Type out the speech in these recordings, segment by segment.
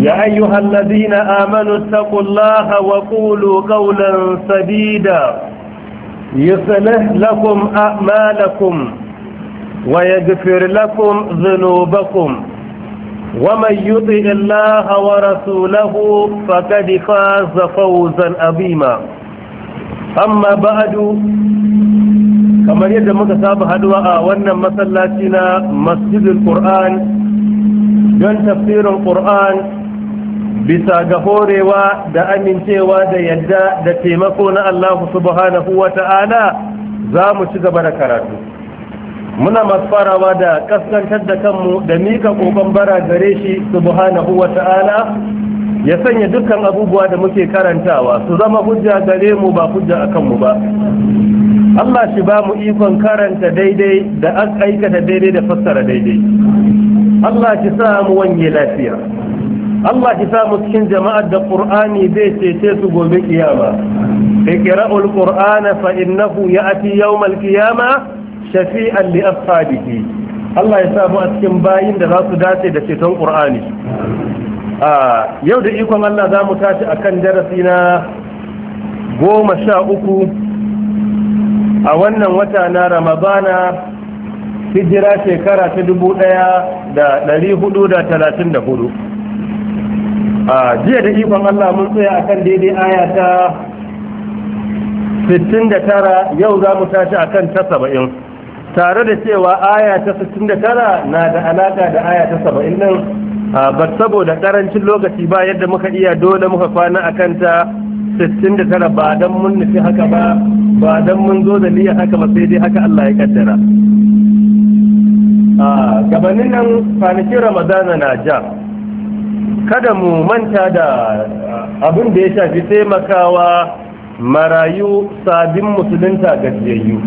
يا أيها الذين آمنوا اتقوا الله وقولوا قولا سديدا يصلح لكم أعمالكم ويغفر لكم ذنوبكم ومن يطع الله ورسوله فقد فاز فوزا عظيما أما بعد كما يجب أن تتابع هدواء وأن مسلاتنا مسجد القرآن جن تفسير القرآن bisa ga horewa da amincewa da yadda da taimako na Allah subhanahu wa ta'ala za mu ci gaba da karatu muna masu farawa da kaskantar da kanmu da mika kokon bara gare shi subhanahu wa ta'ala ya sanya dukkan abubuwa da muke karantawa su zama hujja gare mu ba hujja akan mu ba Allah shi ba mu ikon karanta daidai da aikata daidai da fassara daidai Allah shi sa mu wanye lafiya Allah ki samu cikin jama'ar da ƙur'ani zai cece su gobe kiyama iqra'ul qur'ana fa innahu ya'ti yawmal qiyama shafi'an li ashabihi Allah ya samu a cikin bayin da za su dace da ceton ƙur'ani. yau da ikon Allah za mu tashi akan darasi na goma sha uku a wannan wata na Ramadana hijira shekara ta dubu ɗaya da ɗari hudu da talatin da hudu a jiya da ikon Allah mun tsaya kan daidai aya ta 69 yau za mu tashi kan ta 70 tare da cewa aya ta 69 na da alaka da aya ta 70 din ba saboda karancin lokaci ba yadda muka iya dole muka kwana a kan ta 69 ba don mun nufi haka ba ba don mun zo da niyyar haka ba sai dai haka Allah ya kaddara gabanin nan kwanakin ramadana na ja kada mu manta da uh, abin da ya shafi taimakawa marayu sabin musulunta gajiyayyu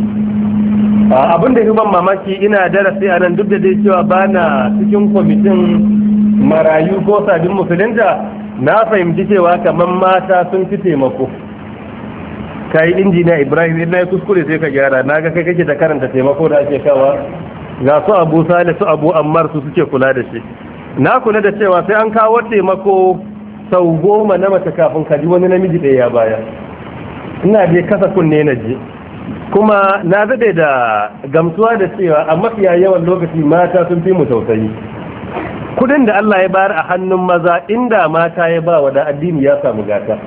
uh, abin da ban mamaki ina darasi a nan duk da dai cewa ba na cikin kwamitin marayu ko sabin musulunta na fahimci cewa kamar mata sun fi taimako ka yi injiniya ibrahim in na yi kuskure sai ka gyara na ga kai kake da karanta taimako da ake kawa ga su abu sale abu ammar su suke kula da shi na kula da cewa sai an kawo taimako sau goma na mace kafin kaji wani namiji da ya baya ina je kasa kunne na je kuma na daɗe da gamsuwa da cewa a mafiya yawan lokaci mata sun fi mu tausayi kudin da Allah ya bayar a hannun maza inda mata ya ba wa da addini ya samu gata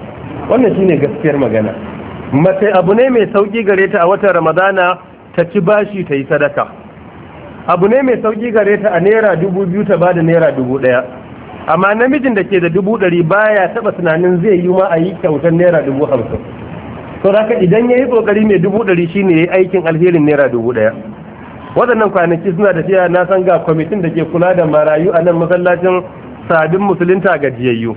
wannan shine gaskiyar magana mace abu ne mai sauki gare ta a watan ramadana ta ci bashi ta yi sadaka abu ne mai sauki gare ta a naira dubu biyu ta bada naira dubu ɗaya amma namijin da ke da dubu ɗari baya taɓa tunanin zai yi ma a yi kyautar naira dubu hamsin to zaka idan ya yi ƙoƙari mai dubu ɗari shine ya yi aikin alherin naira dubu ɗaya waɗannan kwanaki suna fiya na san ga kwamitin da ke kula da marayu a nan masallacin sabbin musulunta gajiyayyu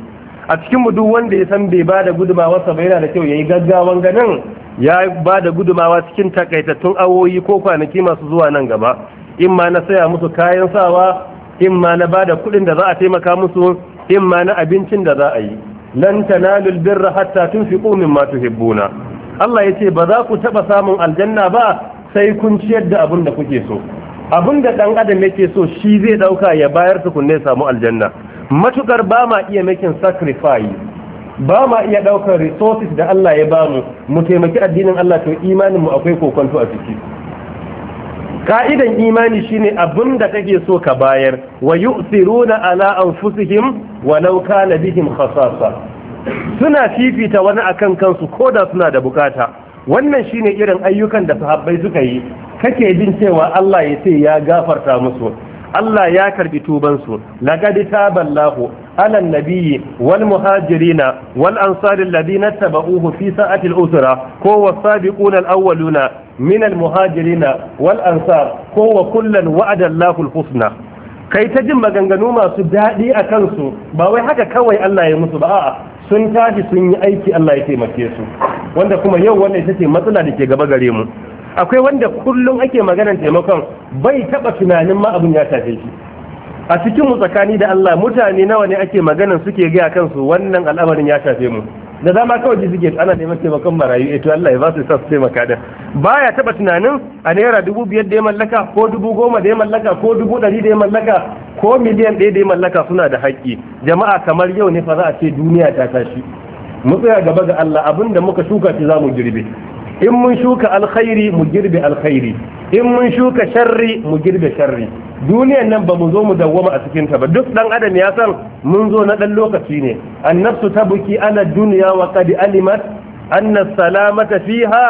a cikin mu duk wanda ya san bai ba da gudumawa sa bai yana da kyau yayi gaggawan ganin ya ba da gudumawa cikin takaitattun awoyi ko kwanaki masu zuwa nan gaba in ma na saya musu kayan sawa in ma na bada kuɗin da za a taimaka musu in ma na abincin da za a yi lan tanalul birra hatta tunfiqu mimma tuhibbuna Allah yace ba za ku taba samun aljanna ba sai kun ciyar da abin da kuke so abin da dan adam yake so shi zai dauka ya bayar kunne samu aljanna matukar ba ma iya making sacrifice ba ma iya daukar resources da Allah ya bamu mu taimaki addinin Allah to imanin mu akwai kokonto a ciki ka'idan imani shine abin da kake so ka bayar wa yu'thiruna ala anfusihim walau kana bihim khasasa suna fifita wani akan kansu ko da suna da bukata wannan shine irin ayyukan da sahabbai suka yi kake jin cewa Allah ya ce ya gafarta musu Allah ya karbi tubansu laqad taballahu على النبي والمهاجرين والأنصار الذين اتبعوه في ساعة الأسرة هو السابقون الأولون من المهاجرين والأنصار هو كلا وعد الله الحسنى kai ta jin maganganu masu daɗi a kansu ba wai haka kawai Allah ya musu ba a'a sun tashi sun yi aiki Allah ya taimake su wanda kuma yau wannan ita ce matsala da ke gaba gare mu akwai wanda kullum ake maganar taimakon bai taɓa tunanin ma abin ya tafe shi a cikin mu tsakani da Allah mutane nawa ne ake maganan suke gaya kansu wannan al'amarin ya shafe mu da dama kawai ji suke ana neman taimakon marayu eh to Allah ya ba su sa su taimaka da baya taba tunanin a naira dubu biyar da ya mallaka ko dubu goma da ya mallaka ko dubu ɗari da ya mallaka ko miliyan ɗaya da ya mallaka suna da haƙƙi jama'a kamar yau ne fa za a ce duniya ta tashi mu tsaya gaba ga Allah abinda muka shuka shi za mu girbe in mun shuka alkhairi mu girbe alkhairi in mun shuka sharri mu girbe sharri duniyan nan ba mu zo mu dawwama a cikin ta ba duk dan adam ya san mun zo na dan lokaci ne annabtu tabuki ala dunya wa qad alimat anna salamata fiha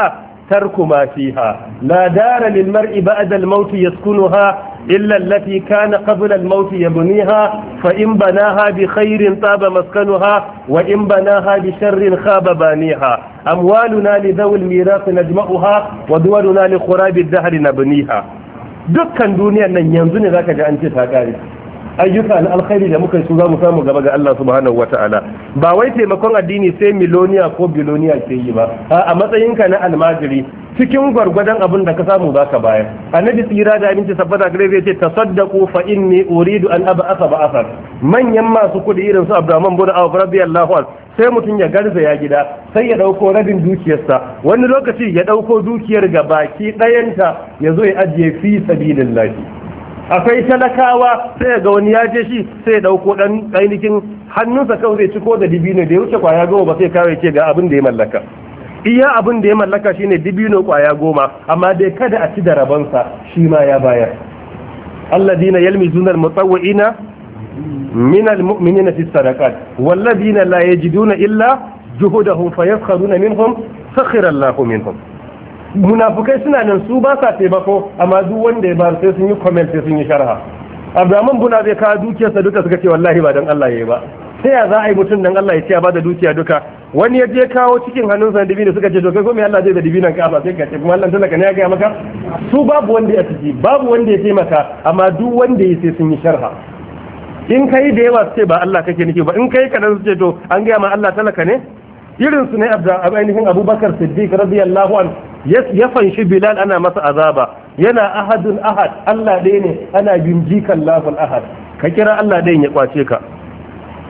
tarku ma fiha la dara lil mar'i ba'da al maut yaskunuha إلا التي كان قبل الموت يبنيها فإن بناها بخير طاب مسكنها وإن بناها بشر خاب بانيها أموالنا لذوي الميراث نجمعها ودولنا لخراب الدهر نبنيها دكا دنيا أن ينزل ذاك جاء أنت ayyuka na alkhairi da muka yi su za mu samu gaba ga Allah subhanahu wata'ala ba wai taimakon addini sai miloniya ko biloniya ke yi ba a matsayinka na almajiri cikin gwargwadon abin da ka samu za ka bayar annabi tsira da abinci sabbata gare zai ce tasaddaqu fa inni uridu an aba asa ba asar manyan masu kuɗi irin su Abdurrahman bin Auf radiyallahu anhu sai mutum ya garza ya gida sai ya dauko rabin dukiyarsa wani lokaci ya dauko dukiyar ga baki ɗayanta ya zo ya ajiye fi sabilillahi akwai talakawa sai ga wani ya je shi sai ya dauko dan ainihin hannunsa kawai zai ciko da dibino da ya wuce kwaya goma ba sai kawai ce ga abin da ya mallaka iya abin da ya mallaka shine dibino kwaya goma amma dai kada a ci da rabansa shi ma ya bayar alladina yalmizuna almutawwi'ina min almu'minina fi sadaqat walladina la yajiduna illa juhudahum fayaskharuna minhum sakhira Allahu minhum munafukai suna nan su ba sa taimako amma duk wanda ya ba sai sun yi comment sai sun yi sharha abdurrahman buna zai kawo dukiyarsa duka suka ce wallahi ba dan Allah yayi ba sai ya za a yi mutum dan Allah ya ce ba da dukiya duka wani ya je kawo cikin hannunsa da dibino suka ce to kai ko me Allah zai da nan ka ba sai ka ce kuma Allah talaka ne ya ga maka su babu wanda ya ciki babu wanda ya taimaka amma duk wanda ya sai sun yi sharha in kai da yawa su ce ba Allah kake nufi ba in kai kadan su ce to an ga ma Allah talaka ne irin su ne ainihin abubakar siddiq radiyallahu an ya fanshi bilal ana masa azaba yana ahadun ahad allah ɗaya ne ana binjikan lahul ahad ka kira allah ɗayan ya kwace ka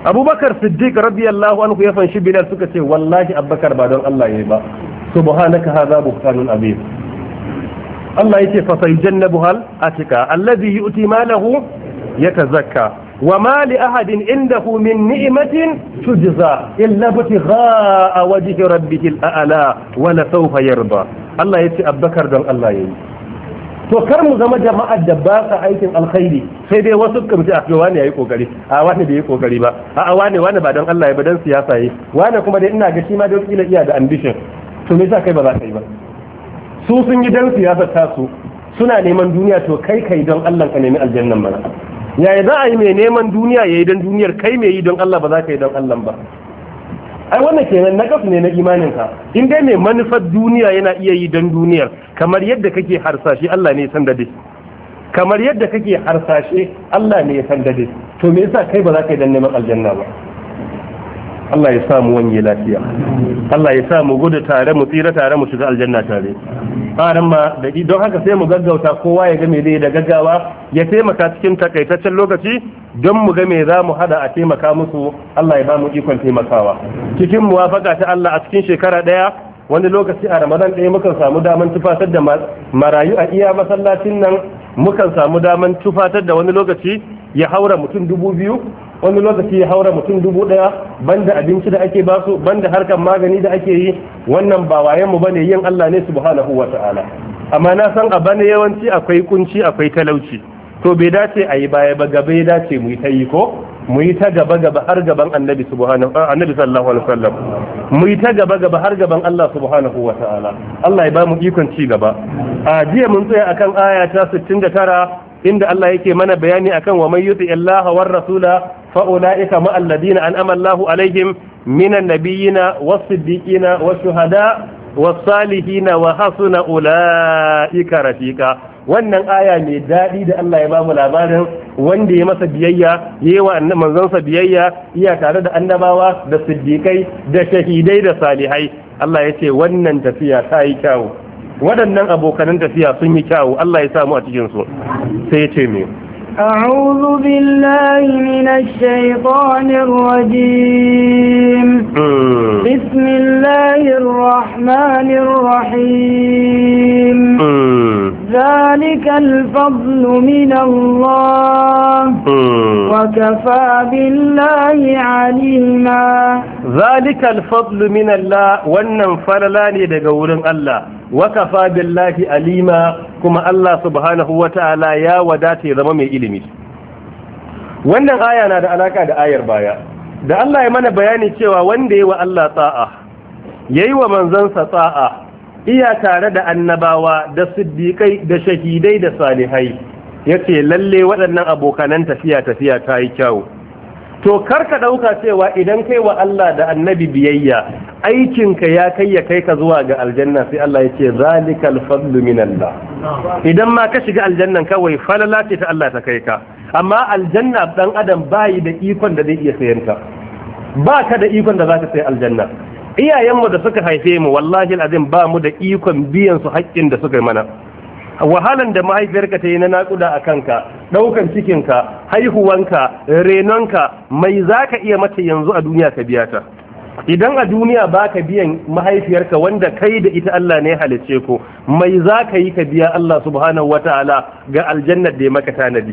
abubakar siddiq radiyallahu ya fanshi bilal suka ce wallahi abubakar ba don allah ya yi ba subhanaka hadha buhtanun abin Allah yake fa sayujannabu hal atika allazi yu'ti malahu yatazakka wa ma li ahadin indahu min ni'matin tujza illa butigha wajhi rabbihil a'la wa la sawfa yarda Allah yace Abubakar don Allah yayi to kar mu zama jama'ar da ba sa aikin alkhairi sai dai wasu ji ah, a cewa wani yayi kokari a wani bai yi kokari ba a wani wani ba don Allah ya ba dan siyasa yi wani kuma dai ina ga shi ma don kila iya da ambition to me yasa kai ba za ka yi ba su sun yi dan siyasa ta su suna neman duniya to kai kai don Allah ka nemi aljannan mana yaya za a yi mai neman duniya ya yi don duniyar kai mai yi don Allah ba za ka yi don Allah ba ai wannan kenan na gafi ne na imaninka in dai mai manufar duniya yana iya yi don duniyar kamar yadda kake harsashi Allah ne ya san dade kamar yadda kake harsashe Allah ne ya san dade to me yasa kai ba za ka yi don neman aljanna ba Allah ya samu wanye lafiya Allah ya samu gudu tare mu tsira tare mu shiga aljanna tare faran ma da don haka sai mu gaggauta kowa ya ga me zai da gaggawa ya taimaka cikin takaitaccen lokaci don mu ga me za mu hada a taimaka musu Allah ya ba mu ikon taimakawa cikin muwafaka ta Allah a cikin shekara daya wani lokaci a ramadan ɗaya muka samu daman tufatar da marayu a iya masallacin nan mukan samu daman tufatar da wani lokaci ya haura mutum dubu biyu wani lokaci ya haura mutum dubu ɗaya banda abinci da ake basu banda harkar magani da ake yi wannan ba wayan mu bane yin Allah ne subhanahu wa ta'ala amma na san a bane yawanci akwai kunci akwai talauci to bai dace a yi baya ba gaba ya dace mu yi ta yi ko mu yi ta gaba gaba har gaban annabi subhanahu annabi sallallahu alaihi wasallam mu yi ta gaba gaba har gaban Allah subhanahu wa ta'ala Allah ya ba mu ikon ci gaba a jiya mun tsaya akan aya ta 69 inda Allah yake mana bayani akan wa man yuti Allah war rasula fa ulaika ma alladina an'ama Allahu alaihim minan nabiyina was siddiqina was shuhada was salihina wa hasuna ulaika rafiqa wannan aya mai daɗi da Allah ya bamu labarin wanda ya masa biyayya yayi wa biyayya iya tare da annabawa da siddiqai da shahidai da salihai Allah ya ce wannan tafiya ta yi kyau. waɗannan abokanan tafiya sun yi kyawu Allah ya samu a cikin su sai ya ce me أعوذ بالله من الشيطان الرجيم بسم الله الرحمن الرحيم ذلك الفضل من الله hmm. وكفى بالله عليما ذلك wannan falala ne daga wurin Allah wakafa billahi alima kuma Allah subhanahu wataala ya wadata ya zama mai ilimi wannan aya na da alaƙa da ayar baya da Allah ya mana bayani cewa wanda yayi wa Allah ya yi wa manzansa ta'a iya tare da annabawa da siddiƙai da shahidai da salihai yace lalle waɗannan abokanan tafiya tafiya ta yi kyau to kar ka ɗauka cewa idan kai wa Allah da annabi biyayya aikinka ya kai ya kai ka zuwa ga aljanna sai Allah ya ce zalikal fadlu min Allah idan ma ka shiga aljannan kawai falala ce ta Allah ta kai ka amma aljanna dan adam bayi da ikon da zai iya sayanta ba ka da ikon da zaka sai aljanna iyayenmu da suka haife mu wallahi alazim ba mu da ikon biyan su haƙƙin da suka mana wahalan da mahaifiyarka ta yi na naƙuda a kanka ɗaukan cikinka haihuwanka renonka mai za ka iya mata yanzu a duniya ka biya ta idan a duniya baka ka biyan mahaifiyarka wanda kai da ita Allah ne halicce ko, mai za ka yi ka biya Allah subhanahu wata'ala ga aljannar da ya maka tanadi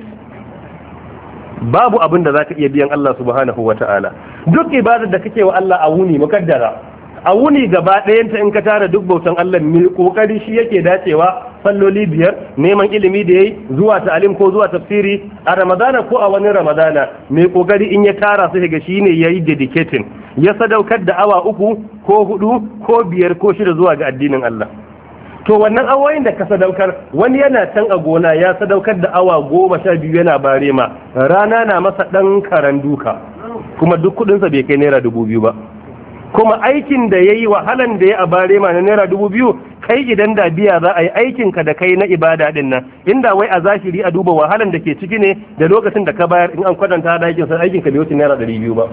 babu abin da za ka iya biyan Allah subhanahu wata'ala duk ibadar da kake wa Allah a wuni mukaddara a wuni gaba ɗayanta in ka tara duk bautan Allah mai kokari shi yake dacewa falloli biyar neman ilimi da yayi zuwa ta'alim ko zuwa tafsiri a ramadana ko a wani ramadana mai kokari in ya tara su ga shine yayi dedicating ya sadaukar da awa uku ko hudu ko biyar ko shida zuwa ga addinin Allah to wannan awoyin da ka sadaukar wani yana can a gona ya sadaukar da awa goma sha biyu yana bare ma rana na masa ɗan karan duka kuma duk kuɗinsa bai kai naira dubu biyu ba kuma aikin da ya yi wahalan da ya a bare ma na naira dubu biyu kai idan da biya za a yi aikinka da kai na ibada din nan inda wai a zahiri a duba wahalan da ke ciki ne da lokacin da ka bayar in an kwatanta da aikin san ka bai wuce naira dari biyu ba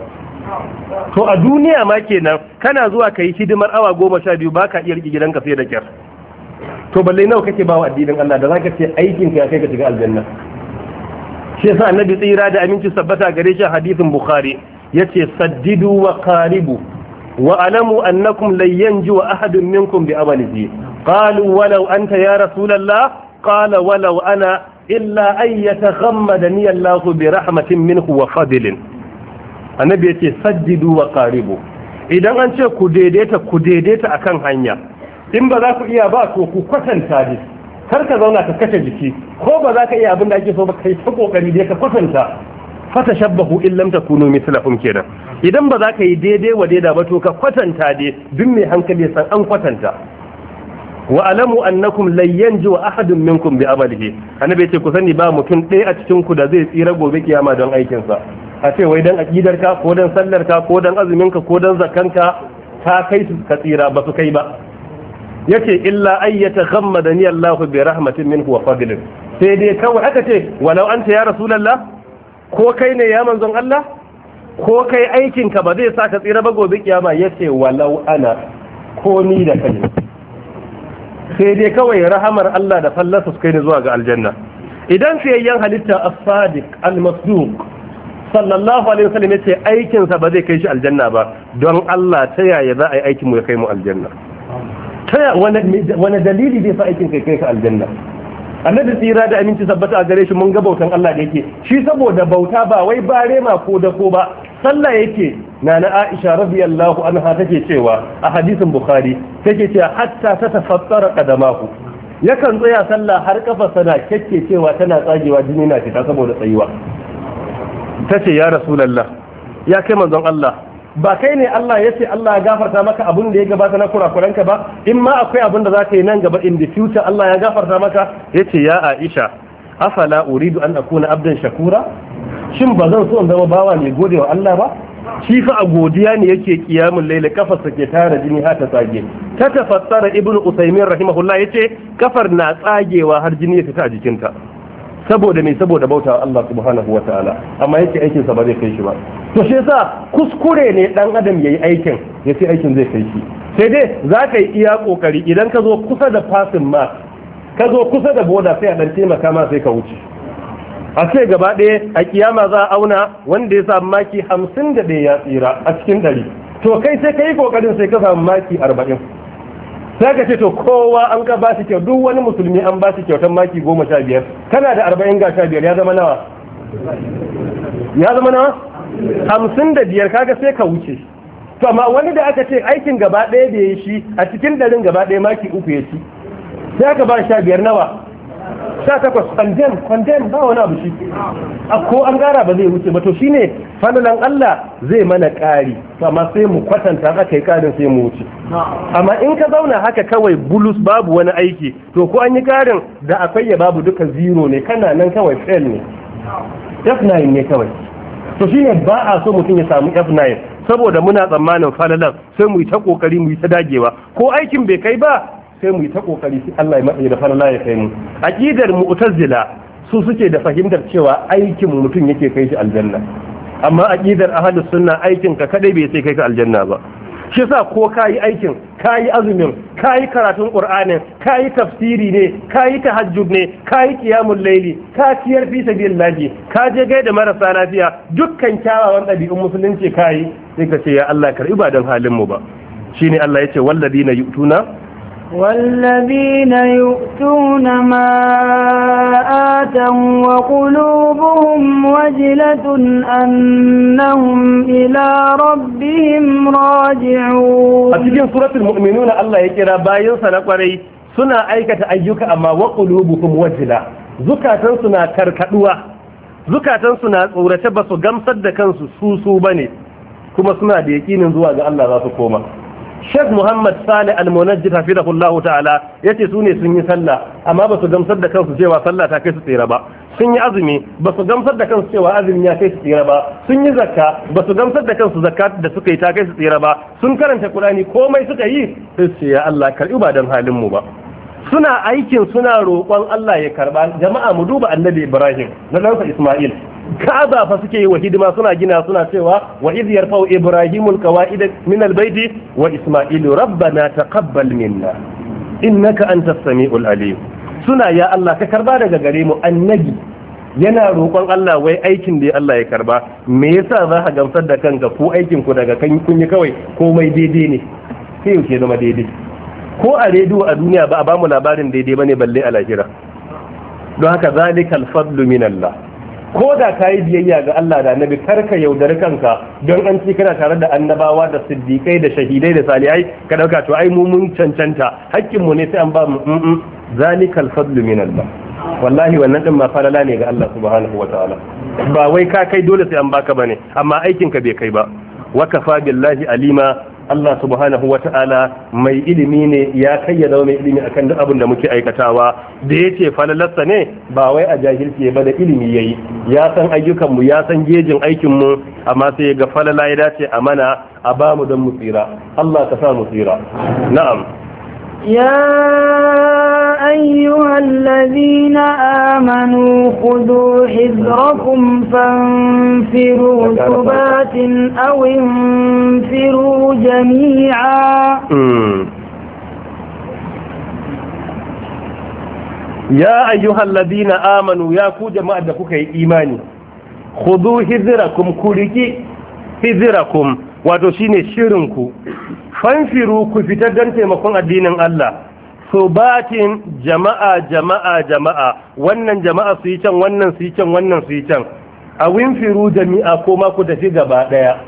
to a duniya ma kenan kana zuwa ka yi hidimar awa goma sha biyu ba ka iya riƙe gidanka sai da kyar to balle nawa kake bawa addinin Allah da za ka ce ka ya kai ka shiga aljanna shi yasa annabi tsira da aminci sabbata gare shi hadisin bukhari yace saddidu wa qaribu وألموا أنكم لن ينجو أحد منكم بعمله قالوا ولو أنت يا رسول الله قال ولو أنا إلا أن يتغمدني الله برحمة منه وفضل annabi ya ce sajjidu wa idan an ce ku daidaita ku daidaita akan hanya in ba za ku iya ba to ku kwatanta ne kar ka zauna ka kashe jiki ko ba za ka iya abin da ake so ba kai ta kokari dai ka kwatanta fata shabbahu in lam takunu mislahum kenan idan ba za ka yi daidai wa daida ba to ka kwatanta dai duk mai hankali san an kwatanta wa alamu annakum lan yanju ahadun minkum bi amalihi annabi yace ku sani ba mutum ɗaya a cikin ku da zai tsira gobe kiyama don aikin sa a ce wai dan aqidar ka ko dan sallar ka ko dan azumin ka ko dan zakkan ka ta kai su ka tsira ba su kai ba yace illa ayyata ghammadani Allahu bi rahmatin minhu wa fadlin sai dai kawai aka ce walau anta ya rasulullah ko kai ne ya manzon Allah ko kai aikinka ba zai sa ka tsira ba gobe kiyama yace walau ana ko ni da kai sai dai kawai rahamar Allah da fallasa su kai ne zuwa ga aljanna idan fiyayyen halitta as-sadiq al-masduq sallallahu alaihi wasallam yace aikin sa ba zai kai shi aljanna ba don Allah ta yaya za a yi aikin mu ya kai mu aljanna ta wani dalili zai sa aikin kai kai ka aljanna annabi tsira da aminci sabbata a gare shi mun ga bautan Allah da yake shi saboda bauta ba wai bare ma ko da ko ba sallah yake na na Aisha radiyallahu anha take cewa a hadisin Bukhari take cewa hatta ta tafassara kadamahu yakan tsaya sallah har kafarsa na kake cewa tana tsagewa jini na fita saboda tsayuwa tace ya rasulullah ya kai manzon Allah ba kai ne Allah ya ce Allah ya gafarta maka abin da ya gabata na kurakuranka ba in ma akwai abin da za ka yi nan gaba in the future Allah ya gafarta maka ya ce ya Aisha afala uridu an akuna abdan shakura shin ba zan so in zama bawa mai godewa Allah ba shi fa a godiya ne yake kiyamun laila kafarsa ke tara jini har ta tsage ta tafassara ibn usaymin rahimahullah yace kafar na tsagewa har jini ya fita a jikinta saboda me saboda bautawa Allah subhanahu wataala amma yake aikin sa ba zai kai shi ba to shi sa kuskure ne dan adam yayi aikin ya ce aikin zai kai shi sai dai za ka yi iya kokari idan ka zo kusa da fasin ma ka zo kusa da boda sai a dan taimaka ma sai ka wuce a ce gaba ɗaya a kiyama za a auna wanda ya samu maki hamsin da ɗaya ya tsira a cikin ɗari to kai sai ka yi kokarin sai ka samu maki arba'in sai ka ce to kowa an ka ba shi kyau duk wani musulmi an ba shi kyautan maki goma sha biyar kana da arba'in ga sha biyar ya zama nawa ya zama nawa hamsin da biyar kaga sai ka wuce to amma wani da aka ce aikin gaba ɗaya da ya shi a cikin ɗarin gaba ɗaya maki uku ya ci sai aka ba sha biyar nawa sha takwas kwandem kwandem ba wani abu shi a ko an gara ba zai wuce ba to shine falalan Allah zai mana ƙari to amma sai mu kwatanta aka yi ƙarin sai mu wuce amma in ka zauna haka kawai bulus babu wani aiki to ko an yi ƙarin da akwai ya babu duka zero ne kana nan kawai fail ne f9 ne kawai to shine ba a so mutum ya samu F9 saboda muna tsammanin falalan sai mu yi ta kokari mu yi ta dagewa ko aikin bai kai ba sai mu yi ta kokari sai Allah ya matsayi da falala ya kai mu aqidar mu'tazila su suke da fahimtar cewa aikin mutum yake kai shi aljanna amma aqidar ahlus sunna aikin ka kadai bai sai kai ka aljanna ba shi sa ko ka yi aikin ka yi azumin ka yi karatun ƙur'anin ka yi tafsiri ne ka yi tahajjud ne ka yi ƙiyamun laili ka ciyar fi laji ka je gaida marasa lafiya dukkan kyawawan ɗabi'un musulunci ka yi sai ka ce ya Allah karɓi ba don halin mu ba ne Allah ya yace yi yu'tuna والذين يؤتون ما آتوا وقلوبهم وجلة أنهم إلى ربهم راجعون أتجين سورة المؤمنون الله يكرا باين سنقري سنة أيكة أيك أما وقلوبهم وجلة زكاة سنة كركدوة زكاة سنة أورتبس غمصد كنس سوسو بني كما سنة بيكين زواج الله ذات كومة Sheikh Muhammad Sale Al-Munajjid hafizahullahu ta'ala yace su ne sun yi sallah amma ba su gamsar da kansu cewa sallah ta kai su tsira ba sun yi azumi ba su gamsar da kansu cewa azumi ya kai su tsira ba sun yi zakka ba su gamsar da kansu zakka da suka yi ta kai su tsira ba sun karanta Qur'ani komai suka yi sai ya Allah karbi ba dan halin mu ba suna aikin suna roƙon Allah ya karba jama'a mu duba Annabi Ibrahim na ɗansa Isma'il kaza fa suke yi wa hidima suna gina suna cewa wa iz yarfa'u ibrahimul qawaid min albayti wa isma'ilu rabbana taqabbal minna innaka antas samiul alim suna ya Allah ka karba daga gare mu annabi yana roƙon Allah wai aikin da Allah ya karba me yasa za ka gamsar da kanka ko aikin ku daga kan kun yi kawai komai daidai ne sai yau ke zama daidai ko a rediyo a duniya ba a bamu labarin daidai bane balle a lahira don haka zalikal fadlu min Allah ko da ka yi biyayya ga Allah da annabi kar ka yaudari kanka don an ci kana tare da annabawa da siddiƙai da shahidai da salihai ka dauka to ai mu mun cancanta hakkin mu ne sai an ba mu mm, mm. zalikal fadlu min Allah wallahi wannan din ma farala ne ga Allah subhanahu wataala ba wai ka kai dole sai an baka bane amma aikin ka bai kai ba wa kafa billahi alima Allah subhanahu wa ta'ala mai ilimi ne ya kai ya zama mai ilimi akan duk abin da muke aikatawa da yace falalarsa ne ba wai a jahilci ba da ilimi yayi ya san ayyukan mu ya san gejin aikin mu amma sai ya ga falala ya dace a mana a bamu don mu tsira Allah ka sa mu tsira na'am يا أيها الذين آمنوا خذوا حذركم فانفروا ثبات أو انفروا جميعا يا أيها الذين آمنوا يا كو جماعة كوكي إيماني خذوا حذركم كوريكي حذركم وتشيني شيرنكو fanfiru ku fitar don taimakon addinin Allah batin jama'a jama'a jama'a wannan jama'a su yi can wannan su yi can wannan su yi can a winfiru jami'a ko ma ku tafi gaba daya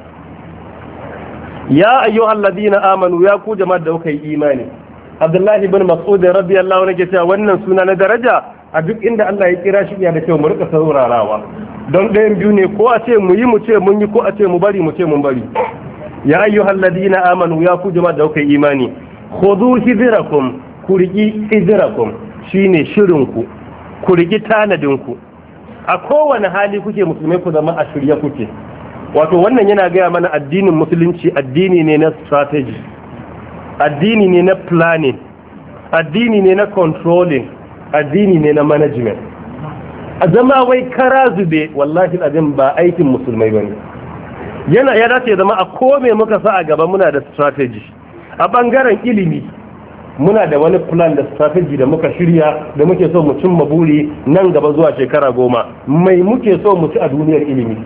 ya Allah ladina amanu ya ku jama'a da kuka yi imani abdullahi ibn mas'ud radiyallahu anhu cewa wannan suna na daraja a duk inda Allah ya kira shi ya da kyau mu rika saurarawa don ɗayan biyu ne ko a ce mu yi mu ce mun yi ko a ce mu bari mu ce mun bari ya ayyuhal ladina amanu ya ku jama'a da kuka imani khudhu hidrakum kurgi hidrakum shine shirin ku kurgi tanadin ku a kowane hali kuke musulmai ku zama a shirye kuke wato wannan yana gaya mana addinin musulunci addini ne na strategy addini ne na planning addini ne na controlling addini ne na management a zama wai kara zube wallahi abin ba aikin musulmai bane yana ya dace zama a kome muka sa a gaba muna da strategy a bangaren ilimi muna da wani plan da strategy da muka shirya da muke so mu cimma buri nan gaba zuwa shekara goma mai muke so mu ci a duniyar ilimi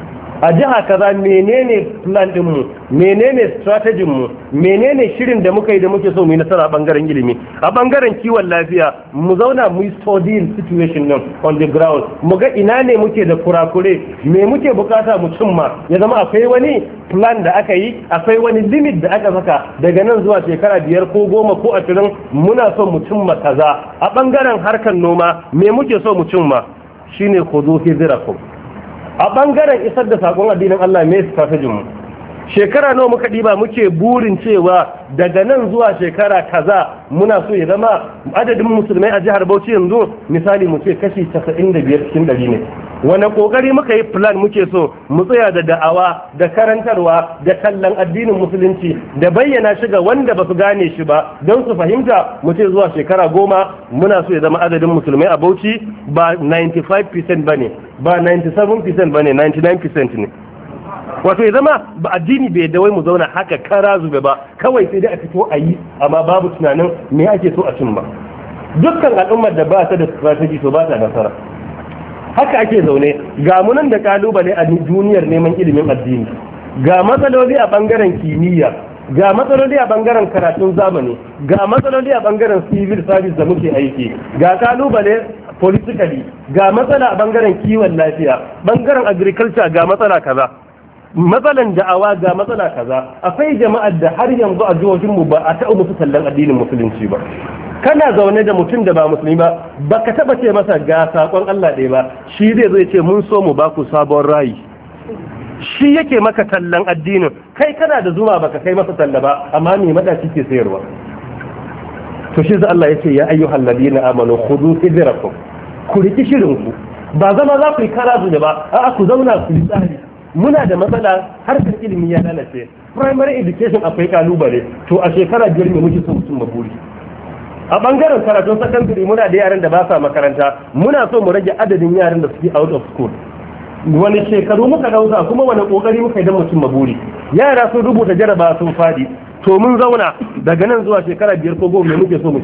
a jiha kaza menene plan dinmu menene strategy mu menene shirin da muka yi da muke so mu yi nasara a bangaren ilimi a bangaren kiwon lafiya mu zauna mu study situation nan on the ground mu ga ina ne muke da kurakure me muke bukata mu cimma ya zama akwai wani plan da aka yi akwai wani limit da aka saka daga nan zuwa shekara biyar ko goma ko ashirin muna so mu cimma kaza a bangaren harkan noma me muke so mu cimma shine ku zo a ɓangaren isar da saƙon addinin Allah mai su mu shekara nawa muka ɗiba muke burin cewa daga nan zuwa shekara kaza muna so ya zama adadin musulmai a jihar bauchi yanzu misali mu ce kashi 95 cikin 100 ne wani kokari muka yi plan muke so mu tsaya da da'awa da karantarwa da kallon addinin musulunci da bayyana shi ga wanda ba su gane shi ba don su fahimta mu ce zuwa shekara goma muna so ya zama adadin musulmai a bauchi ba 95% ba ne ba 97% ba ne 99% ne wato ya zama ba addini bai da wai mu zauna haka kara zube ba kawai sai dai a fito a yi amma babu tunanin me ake so a cin ba dukkan al'ummar da ba ta da strategy to ba ta nasara haka ake zaune ga munan da kalubale a duniyar neman ilimin addini ga matsaloli a bangaren kimiyya ga matsaloli a bangaren karatun zamani ga matsaloli a bangaren civil service da muke aiki ga kalubale politically ga matsala a bangaren kiwon lafiya bangaren agriculture ga matsala kaza matsalan da'awa ga matsala kaza akwai jama'ar da har yanzu a jihohin mu ba a ta'u musu tallan addinin musulunci ba kana zaune da mutum da ba musulmi ba baka taba ce masa ga sakon Allah ɗaya ba shi zai zo ya ce mun so mu ba ku sabon rayi shi yake maka tallan addinin kai kana da zuma baka kai masa talla ba amma me madaci ke sayarwa to shi za Allah ya ce ya ayyuhal ladina amanu khudu idrakum ku riki shirin ku ba zama za ku yi karazu ne ba a'a ku zauna ku yi tsari muna da matsala harkar ilimi ya lalace primary education akwai kalubale to a shekara biyar ne muke son mutum mabuli a bangaren karatun secondary muna da yaran da ba sa makaranta muna so mu rage adadin yaran da suke out of school wani shekaru muka dauka kuma wani kokari muka idan mutum mabuli yara sun rubuta jaraba sun fadi to mun zauna daga nan zuwa shekara biyar ko goma muke so mu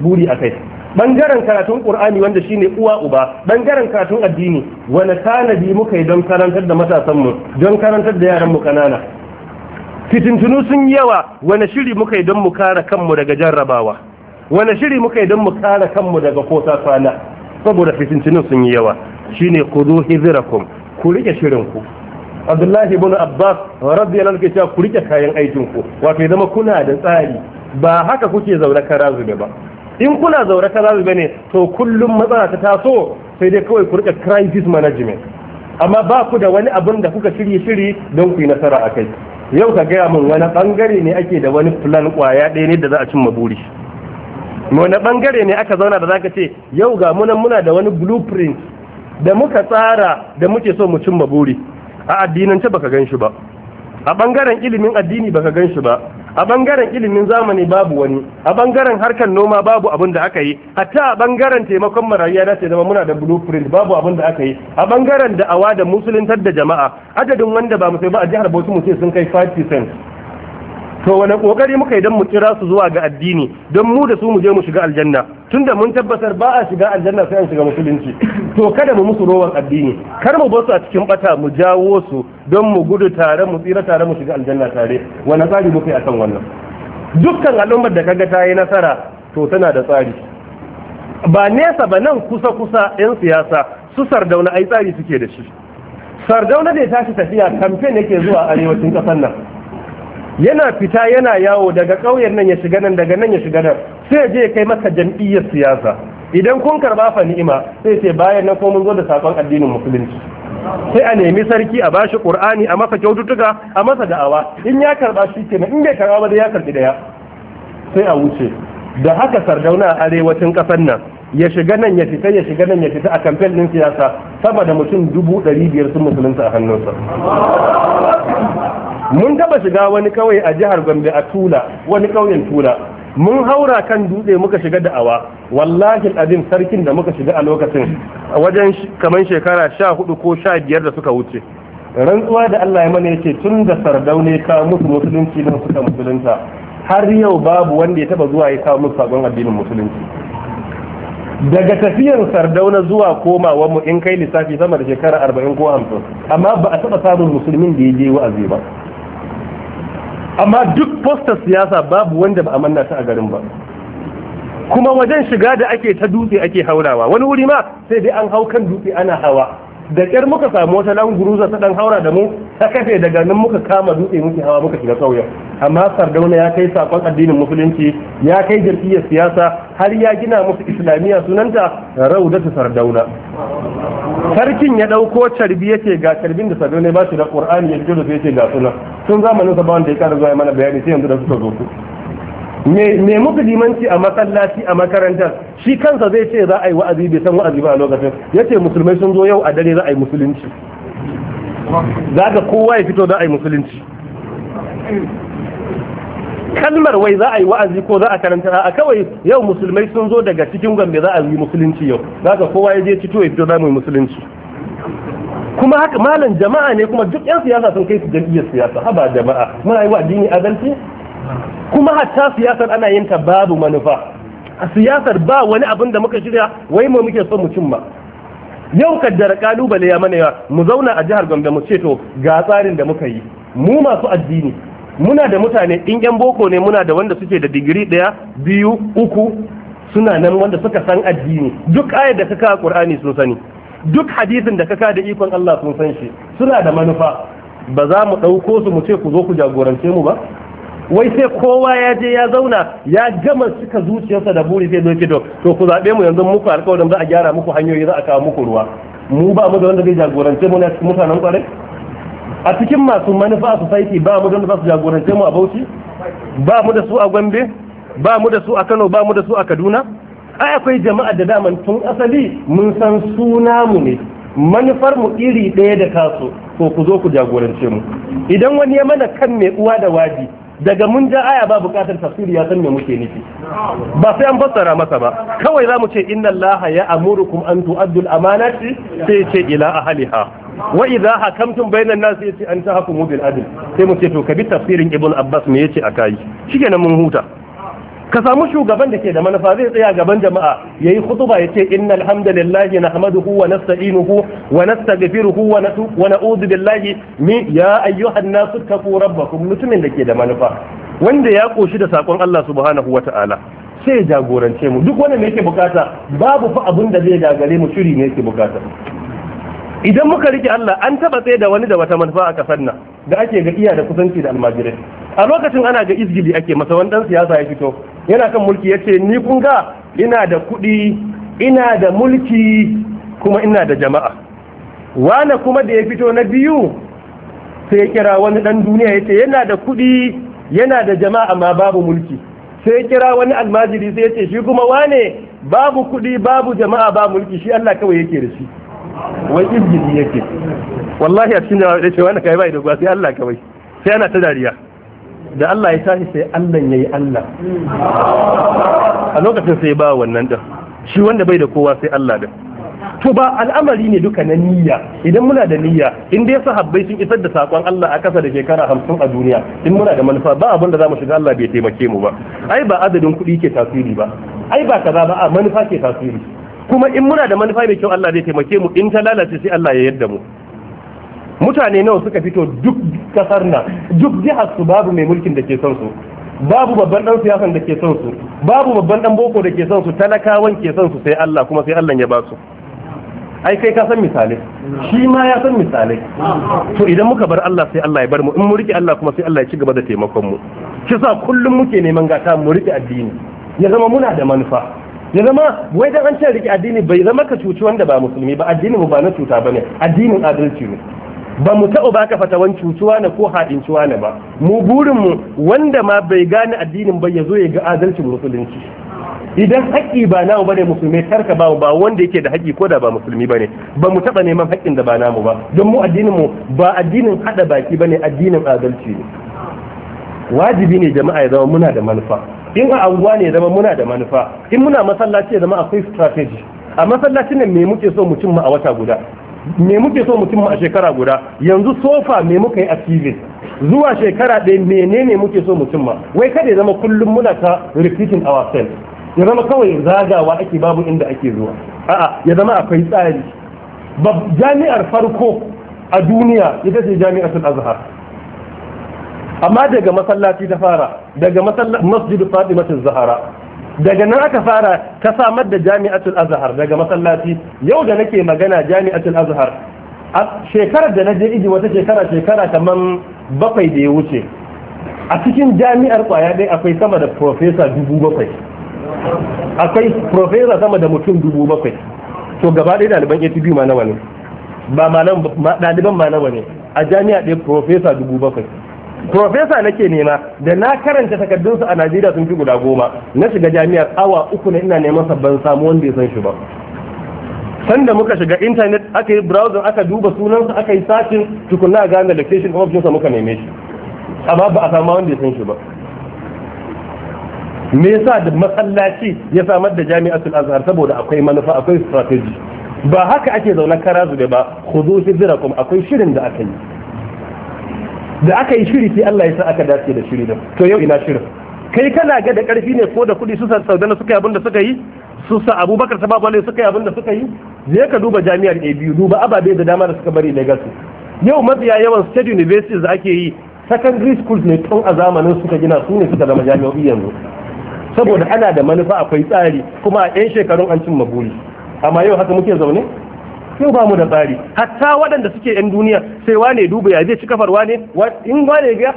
buri a kai bangaren karatun qur'ani wanda shine uwa uba bangaren karatun addini wani tanadi muka yi don karantar da matasan don karantar da yaran mu kanana fitintunu sun yawa wani shiri muka yi don mu kare kanmu daga jarrabawa wani shiri muka yi don mu kare kanmu daga kosa kwana saboda fitintunun sun yi yawa shine kudu hizirakum ku rike shirin ku abdullahi ibn abbas radiyallahu anhu cewa ku rike kayan aikin ku wato zama kuna da tsari ba haka kuke zaune kara zube ba in kuna zaure ta zabi ne, to kullum matsala ta taso sai dai kawai ku rika crisis management amma ba ku da wani abin da kuka shirye shiri don ku yi nasara a kai yau ka gaya min wani bangare ne ake da wani plan kwaya ɗaya ne da za a cimma buri wani bangare ne aka zauna da zaka ce yau ga munan muna da wani blueprint da muka tsara da muke so mu cimma buri a addinance baka gan shi ba a bangaren ilimin addini baka gan shi ba a bangaren ilimin zamani babu wani a bangaren harkar noma babu abin da aka yi hatta a bangaren taimakon marayu na ce zama muna da blueprint babu abin da aka yi a bangaren da'awa da musuluntar da jama'a adadin wanda ba musulmi ba a jihar Bauchi mu sun kai 5% to wani kokari muka idan mu kira su zuwa ga addini don mu da su mu je mu shiga aljanna tunda mun tabbatar ba a shiga aljanna sai an shiga musulunci to kada mu musu rowan addini kar mu bar su a cikin bata mu jawo su don mu gudu tare mu tsira tare mu shiga aljanna tare wani tsari muka yi akan wannan dukkan al'ummar da kaga ta yi nasara to tana da tsari ba nesa ba nan kusa kusa yan siyasa su sardauna ai tsari suke da shi sardauna da ya tashi tafiya kamfen yake zuwa arewacin kasar nan yana fita yana yawo daga ƙauyen nan ya shiga nan daga nan ya shiga nan sai je kai masa jam'iyyar siyasa idan kun karba fa ni'ima sai sai bayan na ko mun zo da sakon addinin musulunci sai a nemi sarki a bashi qur'ani a masa kyaututtuka a masa da'awa in ya karba shi kenan in bai karba ba da ya karbi daya sai a wuce da haka sardauna a arewacin kasar nan ya shiga nan ya fita ya shiga nan ya fita a kamfen din siyasa sama da mutum dubu ɗari biyar sun musulunta a hannunsa mun taba shiga wani kauye a jihar Gombe a Tula wani kauyen Tula mun haura kan dutse muka shiga da awa wallahi abin sarkin da muka shiga a lokacin wajen kaman shekara sha hudu ko sha biyar da suka wuce rantsuwa da Allah ya mana yace tun da sardaune ka musu musulunci nan suka musulunta har yau babu wanda ya taba zuwa ya kawo musu sabon addinin musulunci daga tafiyar sardauna zuwa komawa mu in kai lissafi sama da shekara arba'in ko hamsin amma ba a taba samun musulmin da ya je wa'azi ba amma duk postar siyasa babu wanda ba a manna ta a garin ba kuma wajen shiga da ake ta dutse ake haurawa wani wuri ma sai dai an hau kan dutse ana hawa da kyar muka samu wata lan guruza ta dan haura da mu ta kafe daga nan muka kama dutse muke hawa muka shiga sauya amma sardauna ya kai sakon addinin musulunci ya kai jam'iyyar siyasa har ya gina musu islamiyya sunanta raudatu sardauna sarkin ya ɗauko carbi yace ga carbin da sardauna ya ba shi da qur'ani ya jiro sai yace ga sunan tun zamanin sa ba wanda ya ƙara zuwa mana bayani sai yanzu da suka zo su mai musulmanci a masallaci a makaranta, shi kansa zai ce za a yi wa'azi bai san wa'azi ba a lokacin ya ce musulmai sun zo yau a dare za a yi musulunci za ga kowa ya fito za a yi musulunci kalmar wai za a yi wa'azi ko za a karanta a kawai yau musulmai sun zo daga cikin gombe za a yi musulunci yau za ga kowa ya je fito ya fito za mu yi musulunci kuma haka malam jama'a ne kuma duk yan siyasa sun kai su jam'iyyar siyasa haba jama'a muna yi wa addini adalci kuma hatta siyasar ana yin ta babu manufa a siyasar ba wani abin da muka shirya wai ma muke son mu cimma yau kaddara kalubale ya mana yawa mu zauna a jihar Gombe mu ce to ga tsarin da muka yi mu masu addini muna da mutane in yan boko ne muna da wanda suke da digiri daya biyu uku suna nan wanda suka san addini duk ayar da kaka Qur'ani sun sani duk hadisin da kaka da ikon Allah sun san shi suna da manufa ba za mu ɗauko su mu ce ku zo ku jagorance mu ba wai sai kowa ya je ya zauna ya gama suka zuciyarsa da buri sai zoke don, to ku zaɓe mu yanzu muku alkawarin za a gyara muku hanyoyi za a kawo muku ruwa mu ba mu da wanda zai jagorance mu na cikin mutanen kwarai a cikin masu manufa a society ba mu da wanda za su jagorance mu a Bauchi ba mu da su a Gombe ba mu da su a Kano ba mu da su a Kaduna ai akwai jama'a da daman tun asali mun san suna mu ne manufar mu iri ɗaya da kasu ko ku zo ku jagorance mu idan wani ya mana kan mai uwa da waji daga mun ja aya ba bukatar tafsiri ya san me muke nufi ba sai an fassara masa ba kawai zamu ce inna allaha ya amurukum an tu'addu al-amanati sai ce ila ahliha wa idha hakamtum bainan nas yace an tahkumu bil adl sai mu ce to kabi tafsirin ibn abbas me yace akai shikenan mun huta ka samu shugaban da ke da manufa zai tsaya gaban jama'a ya yi ya khutba yace na hamdalillahi nahmaduhu wa nasta'inuhu wa nastaghfiruhu wa wa na'udhu billahi mi ya ayyuhan nasu rabba rabbakum mutumin da ke da manufa wanda ya koshi da sakon Allah subhanahu ta'ala sai jagorance mu duk wanda ne yake bukata babu fa abin da zai gagare mu shiri ne yake bukata idan muka rike Allah an taba tsaye da wani da wata manufa a kasar nan da ake ga iya da kusanci da almajirai a lokacin ana ga izgili ake masa wani dan siyasa ya fito yana kan mulki ya ce ni kun ga ina da kuɗi ina da mulki kuma ina da jama'a wani kuma da ya fito na biyu sai ya kira wani dan duniya ya ce yana da kuɗi yana da jama'a amma babu mulki sai ya kira wani almajiri sai ya ce shi kuma wane babu kuɗi babu jama'a ba mulki shi Allah kawai yake da shi wai izgili yake wallahi a cikin jama'a da cewa kai bai da gwa sai Allah kawai sai ana ta dariya da Allah ya tashi sai Allah yayi Allah a lokacin sai ba wannan din shi wanda bai da kowa sai Allah din to ba al'amari ne duka na niyya idan muna da niyya in dai sahabbai sun isar da sakon Allah a kasa da shekara hamsin a duniya in muna da manufa ba abin da za mu shiga Allah bai taimake mu ba ai ba adadin kuɗi ke tasiri ba ai ba kaza ba a manufa ke tasiri kuma in muna da manufa mai kyau Allah zai taimake mu in ta lalace sai Allah ya yadda mu mutane nawa suka fito duk kasar na duk jihar su babu mai mulkin da ke son su babu babban dan siyasan da ke son su babu babban dan boko da ke son su talakawan ke son su sai Allah kuma sai Allah ya ba su ai kai ka san misalai shi ma ya san misalai to idan muka bar Allah sai Allah ya bar mu in mu rike Allah kuma sai Allah ya ci gaba da taimakon mu Kisa kullum muke neman gata mu rike addini ya zama muna da manufa ya zama wai dan an ce rike addini bai zama ka cuci wanda ba musulmi ba addinin mu ba na cuta bane addinin adalci ne ba mu taɓa baka fatawan cutuwa ne ko cuwa ne ba mu burin mu wanda ma bai gane addinin ba ya zo ya ga adalcin musulunci idan haƙƙi ba namu bane musulmi tarka ba ba wanda yake da haƙƙi ko da ba musulmi bane ba mu taɓa neman haƙƙin da ba namu ba don mu addinin mu ba addinin haɗa baki bane addinin adalci ne wajibi ne jama'a ya zama muna da manufa in a anguwa ne zama muna da manufa in muna masallaci zama akwai strategy a masallacin nan me muke so mu a wata guda me muke so mu cimma a shekara guda yanzu sofa me muka yi a zuwa shekara ɗaya menene muke so mu cimma wai kada ya zama kullum muna ta repeating ourselves ya zama kawai zagawa ake babu inda ake zuwa a'a ya zama akwai tsari jami'ar farko a duniya ita ce jami'atul azhar amma daga masallaci ta fara daga masjidu fadimatu zahara daga nan aka fara ta samar da jami'atul azhar daga masallaci yau da nake magana jami'atul azhar a shekarar da na je iji wata shekara shekara kamar bakwai da ya wuce a cikin jami'ar kwaya dai akwai sama da profesa dubu bakwai akwai profesa sama da mutum dubu bakwai to gaba ɗaya ɗaliban atb ma nawa ne ba ma ɗaliban ma nawa ne a jami'a ɗaya profesa dubu bakwai profesa nake nema da na karanta takardunsu a najeriya sun fi guda goma na shiga jami'ar awa uku na ina neman sabban samu wanda ya san shi ba sanda muka shiga intanet aka yi browser aka duba sunansa aka yi sashin tukunna a gane location sa muka neme shi amma ba a samu wanda ya san shi ba me yasa da masallaci ya samar da jami'atul azhar saboda akwai manufa akwai strategy ba haka ake zaune kara zube ba khudhu kuma akwai shirin da aka yi da aka yi shiri sai Allah ya sa aka dace da shiri da to yau ina shirin kai kana ga da karfi ne ko da kuɗi su san saudana suka yi abinda suka yi su sa abubakar sababu ne suka yi abinda da suka yi zai ka duba jami'ar abu duba ababe da dama da suka bari legacy yau mafiya yawan state universities da ake yi secondary schools ne tun a zamanin suka gina su ne suka zama jami'o'i yanzu saboda ana da manufa akwai tsari kuma a 'yan shekarun an cin buri. amma yau haka muke zaune yau ba mu da tsari hatta waɗanda suke yan duniya sai wane duba ya zai ci kafar wane in wane biya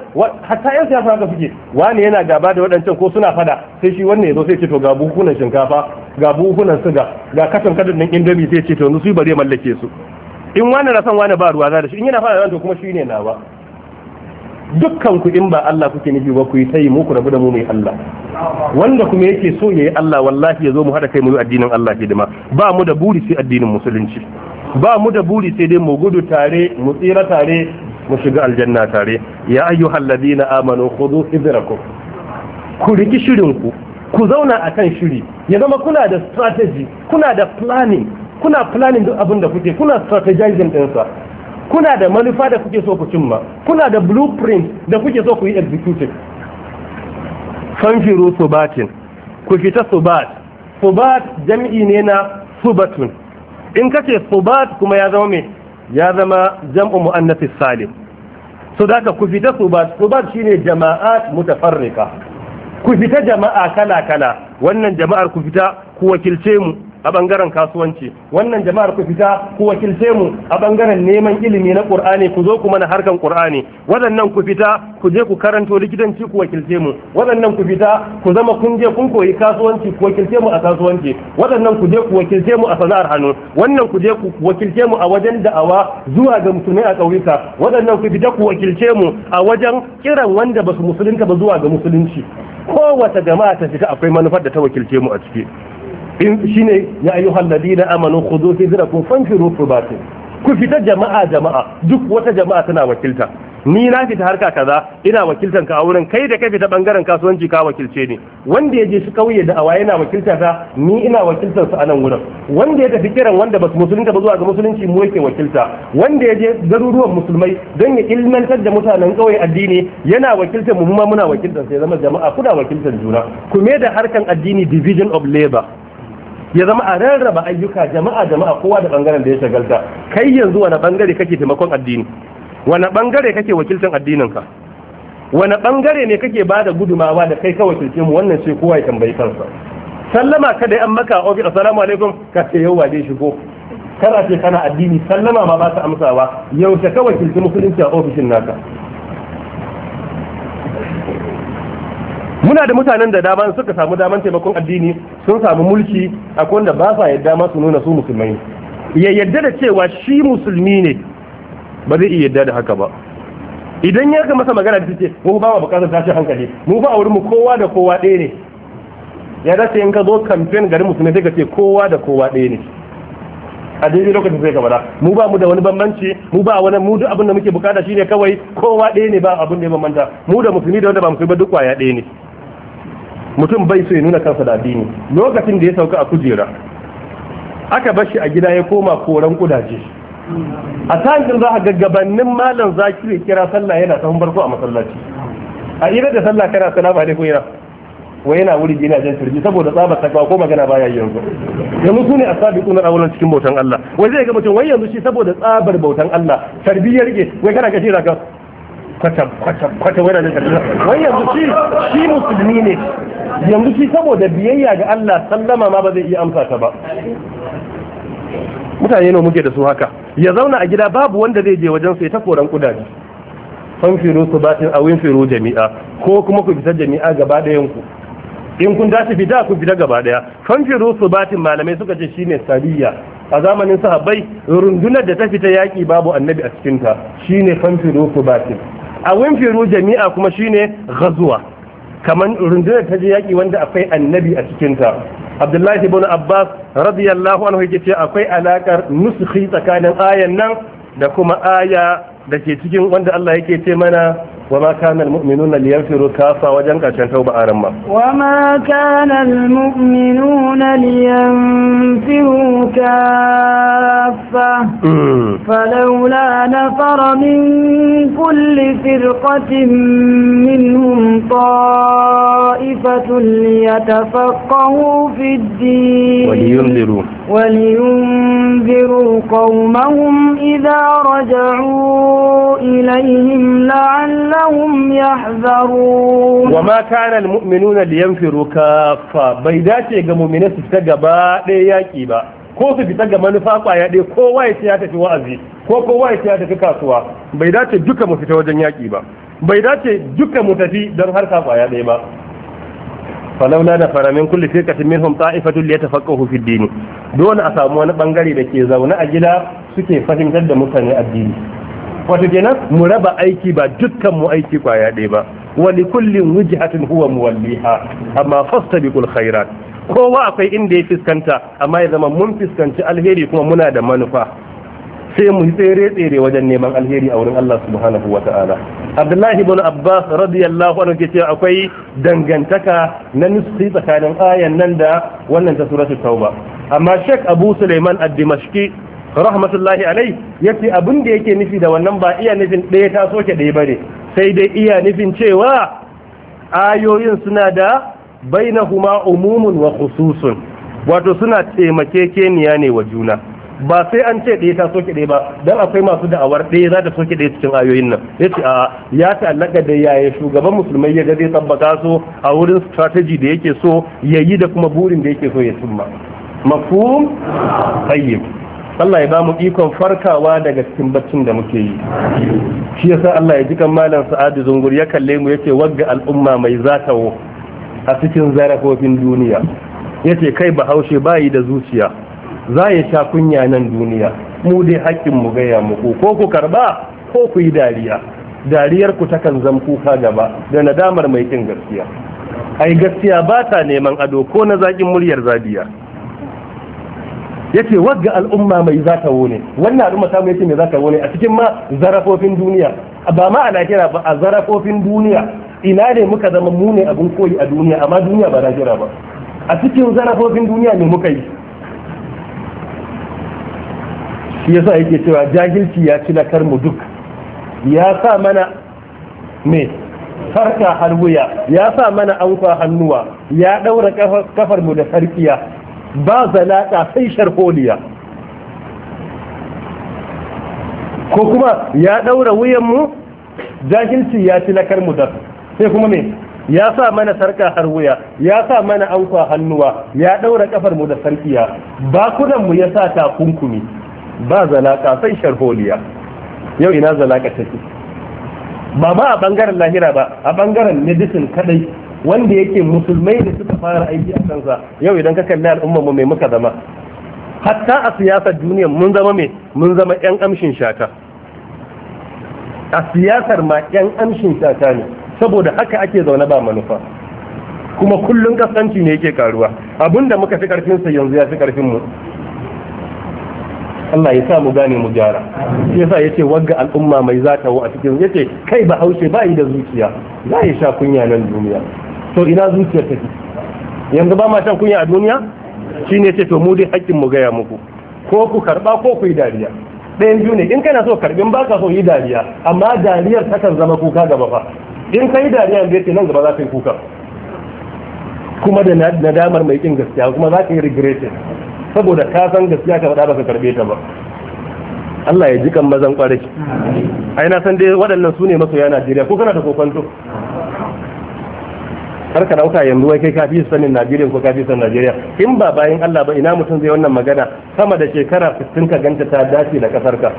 hatta yan siyasa haka suke wane yana gaba da waɗancan ko suna fada sai shi wannan ya zo sai ce to ga buhunan shinkafa ga buhunan suga ga katon kadin nan indomi sai ce to su bare mallake su in wani na son wani ba ruwa za da shi in yana fada to kuma shi ne nawa dukkan ku in ba Allah kuke nufi ba ku yi tayi ku rabu da mu mai Allah wanda kuma yake so yayi Allah wallahi ya zo mu hada kai mu yi addinin Allah hidima ba mu da buri sai addinin musulunci ba mu da buri sai dai mu gudu tare mu tsira tare mu shiga aljanna tare ya ayyuhal ladina amanu khudu hidrakum ku riki shirin ku ku zauna akan shiri ya zama kuna da strategy kuna da planning kuna planning duk abin da kuke kuna strategizing ɗinsa kuna da manufa da kuke so ku cimma kuna da blueprint da kuke so ku yi executive fanfiru subatin ku fita subat subat jam'i ne na subatun in kace subat kuma ya zama me ya zama jam'u muannathis salim so da ku fita subat subat shine jama'at mutafarrika ku fita jama'a kala kala wannan jama'ar ku fita ku wakilce mu a bangaren kasuwanci wannan jama'ar ku fita ku wakilce mu a bangaren neman ilimi na qur'ani ku zo ku mana harkan qur'ani wadannan ku fita ku je ku karanto likitanci ku wakilce mu wadannan ku fita ku zama kun je kun koyi kasuwanci ku wakilce mu a kasuwanci wadannan ku je ku wakilce mu a sana'ar hannu wannan ku je ku wakilce mu a wajen da'awa zuwa ga musulmai a ƙauyuka waɗannan ku fita ku wakilce mu a wajen kiran wanda ba su musulunta ba zuwa ga musulunci kowace jama'a ta fita akwai manufar da ta wakilce mu a ciki in shine ya ayyuhal ladina amanu khudhu fi zinakum fanfiru fubatin ku fita jama'a jama'a duk wata jama'a tana wakilta ni na fita harka kaza ina wakiltan ka a wurin kai da ka fita bangaren kasuwanci ka wakilce ni wanda ya je su kauye da awa yana wakilta ta ni ina wakiltar su a nan wurin wanda ya tafi kiran wanda ba musulunta ba zuwa ga musulunci mu yake wakilta wanda ya je garuruwan musulmai don ya ilmantar da mutanen kauye addini yana wakiltar mu muna wakiltar sai zama jama'a kuna wakiltar juna me da harkan addini division of labor ya zama a rarraba ayyuka jama'a jama'a kowa da bangaren da ya shagalta kai yanzu wani bangare kake taimakon addini wani bangare kake wakiltan addininka wani bangare ne kake ba da gudumawa da kai ka wakilce mu wannan sai kowa ya tambayi kansa sallama ka da an maka ofi assalamu alaikum ka ce yau wane shigo kana ce kana addini sallama ma ba ta amsawa yau ka wakilci musulunci a ofishin naka muna da mutanen da dama suka samu daman taimakon addini sun samu mulki akwai wanda ba sa yadda ma su nuna su musulmai ya yadda da cewa shi musulmi ne ba zai iya yadda da haka ba idan ya ga masa magana da ce mu ba wa bukatar tashi hankali mu ba a wurin mu kowa da kowa ɗaya ne ya dace in ka zo kamfen garin musulmi sai ka ce kowa da kowa ɗaya ne a daidai lokacin sai ka bada mu ba mu da wani bambanci mu ba wani mu duk abin da muke bukata shine kawai kowa ɗaya ne ba abin da ya bambanta mu da musulmi da wanda ba musulmi ba duk kwaya ɗaya ne mutum bai so ya nuna kansa da addini lokacin da ya sauka a kujera aka bar shi a gida ya koma koran kudaje a tankin za a gaggabannin malam zakiru ya kira sallah yana sahun barko a masallaci a ira da sallah kana salamu alaikum yana wai yana wuri yana jan turji saboda tsabar takwa ko magana baya yanzu yanzu su ne asabi kuna awulan cikin bautan Allah wai zai ga mutum wai yanzu shi saboda tsabar bautan Allah tarbiyar ke wai kana da shi Kwata kwatan kwatan wani nan karfi wani yanzu shi musulmi ne yanzu shi saboda biyayya ga Allah sallama ma ba zai iya amsa ta ba mutane ne muke da su haka ya zauna a gida babu wanda zai je wajen sai ta koran kudaje fanfiru su batin a winfiru jami'a ko kuma ku fita jami'a gaba ɗayan ku in kun tashi fita ku fita gaba ɗaya fanfiru su batin malamai suka ce shine sariya a zamanin sahabbai rundunar da ta fita yaƙi babu annabi a cikinta shine fanfiru su batin a winfiru jami'a kuma shine gazuwa kamar rundunar ta je yaƙi wanda akwai annabi a cikinta abdullahi ibn abbas radiyallahu anhu yake ce akwai alakar nusuhi tsakanin ayan nan da kuma aya da ke cikin wanda Allah yake ce mana وما كان المؤمنون لينفروا كافة وجنك كشن توبة أرمى وما كان المؤمنون لينفروا كافة فلولا نفر من كل فرقة منهم طائفة ليتفقهوا في الدين ولينذروا ولينذروا قومهم إذا رجعوا إليهم يحذرون وما كان المؤمنون لينفروا كافة بيداتي قمومين ستقبا لياكي با ko su fita ga manufa kwaya ɗaya kowa ya ce ya tafi wa'azi ko ko ya ce ya tafi kasuwa bai dace duka mu fita wajen yaƙi ba bai dace duka mu tafi don harka kwaya ɗaya ba falaula da faramin kulli firqatin minhum ta'ifatun liyatafaqahu fi ad-din dole a samu wani bangare da ke zaune a gida suke fahimtar da mutane addini wato kenan mu raba aiki ba dukkan mu aiki kwaya ɗaya ba wani kullin wujihatin wijhatin huwa muwalliha amma fastabiqul khairat kowa akwai inda ya fiskanta amma ya zama mun fiskanci alheri kuma muna da manufa sai mu tsere tsere wajen neman alheri a wurin Allah subhanahu wa ta'ala Abdullahi ibn Abbas radiyallahu anhu yace akwai dangantaka na nusi tsakanin ayan nan da wannan ta suratul tauba amma Sheikh Abu Sulaiman ad-Dimashqi rahmatullahi alai ce abin da yake nufi da wannan ba iya nufin ɗaya ta soke ɗaya ba ne sai dai iya nufin cewa ayoyin suna da bainahuma umumun wa khususun wato suna taimakekeniya ne wa juna ba sai an ce ɗaya ta soke ɗaya ba don akwai masu da'awar ɗaya za ta soke ɗaya cikin ayoyin nan ya ce a ya ta'allaka da yaya shugaban musulmai ya ga zai tabbata so a wurin strategy da yake so ya yi da kuma burin da yake so ya cimma mafhum tayyib Allah ya ba mu ikon farkawa daga cikin baccin da muke yi shi yasa Allah ya ji kan malam Sa'adu Zungur ya kalle mu yace wagga al'umma mai zatawo a cikin zarafofin duniya yace kai bahaushe bayi da zuciya za ya sha kunya nan duniya mu dai haƙƙin mu gaya muku ko ku karba ko ku yi dariya dariyar ku takan zam kuka gaba da nadamar mai kin gaskiya ai gaskiya ba ta neman ado ko na zaƙin muryar zabiya yace wagga al'umma mai za ta wone wannan al'umma ta yace mai za wone a cikin ma zarafofin duniya ba ma a lahira ba a zarafofin duniya ina ne muka zama mu ne abin koyi a duniya amma duniya ba lahira ba a cikin zarafofin duniya ne muka yi shi yasa yake cewa jahilci ya ci lakar mu duk ya sa mana me farka har ya sa mana anka hannuwa ya daura kafar mu da sarkiya ba zalaka sai sharholiya ko kuma ya ɗaura wuyanmu jahilci ya tilakar mu da sai kuma me ya sa mana sarka har wuya ya sa mana ankwa hannuwa ya ɗaura kafar mu da sarkiya bakunanmu mu ya sa takunkumi ba zalaka sai sharholiya yau ina zalaka take ba ba a bangaren lahira ba a ɓangaren medicine kaɗai. wanda yake musulmai da suka fara aiki a kansa yau idan ka kalli al'ummar mu mai muka zama hatta a siyasar duniya mun zama mai mun zama yan amshin shata a siyasar ma yan amshin shata ne saboda haka ake zaune ba manufa kuma kullun kasanci ne yake karuwa abinda muka fi karfin sa yanzu ya fi karfin mu Allah ya sa mu gane mu gyara shi yasa yace wagga al'umma mai zatawo a cikin yace kai ba haushe ba yi da zuciya za ya sha kunya nan duniya to ina zuciyar take yanzu ba ma shan kunya a duniya shine ce to mu dai haƙƙin mu gaya muku ko ku karba ko ku yi dariya ɗayan biyu ne in kana so karbin ba ka so yi dariya amma dariyar takan zama kuka gaba fa in ka yi dariya da yake nan gaba za ka yi kuka kuma da nadamar mai kin gaskiya kuma za ka yi regretin saboda ka san gaskiya ka faɗa ba ka karbe ta ba Allah ya ji kan mazan kwarai ai na san dai waɗannan su ne masoya Najeriya ko kana da kokonto kar ka dauka yanzu wai kai ka fi sanin Najeriya ko ka fi sanin Najeriya in ba bayan Allah ba ina mutum zai wannan magana sama da shekara 60 ka ganta ta dace da kasar ka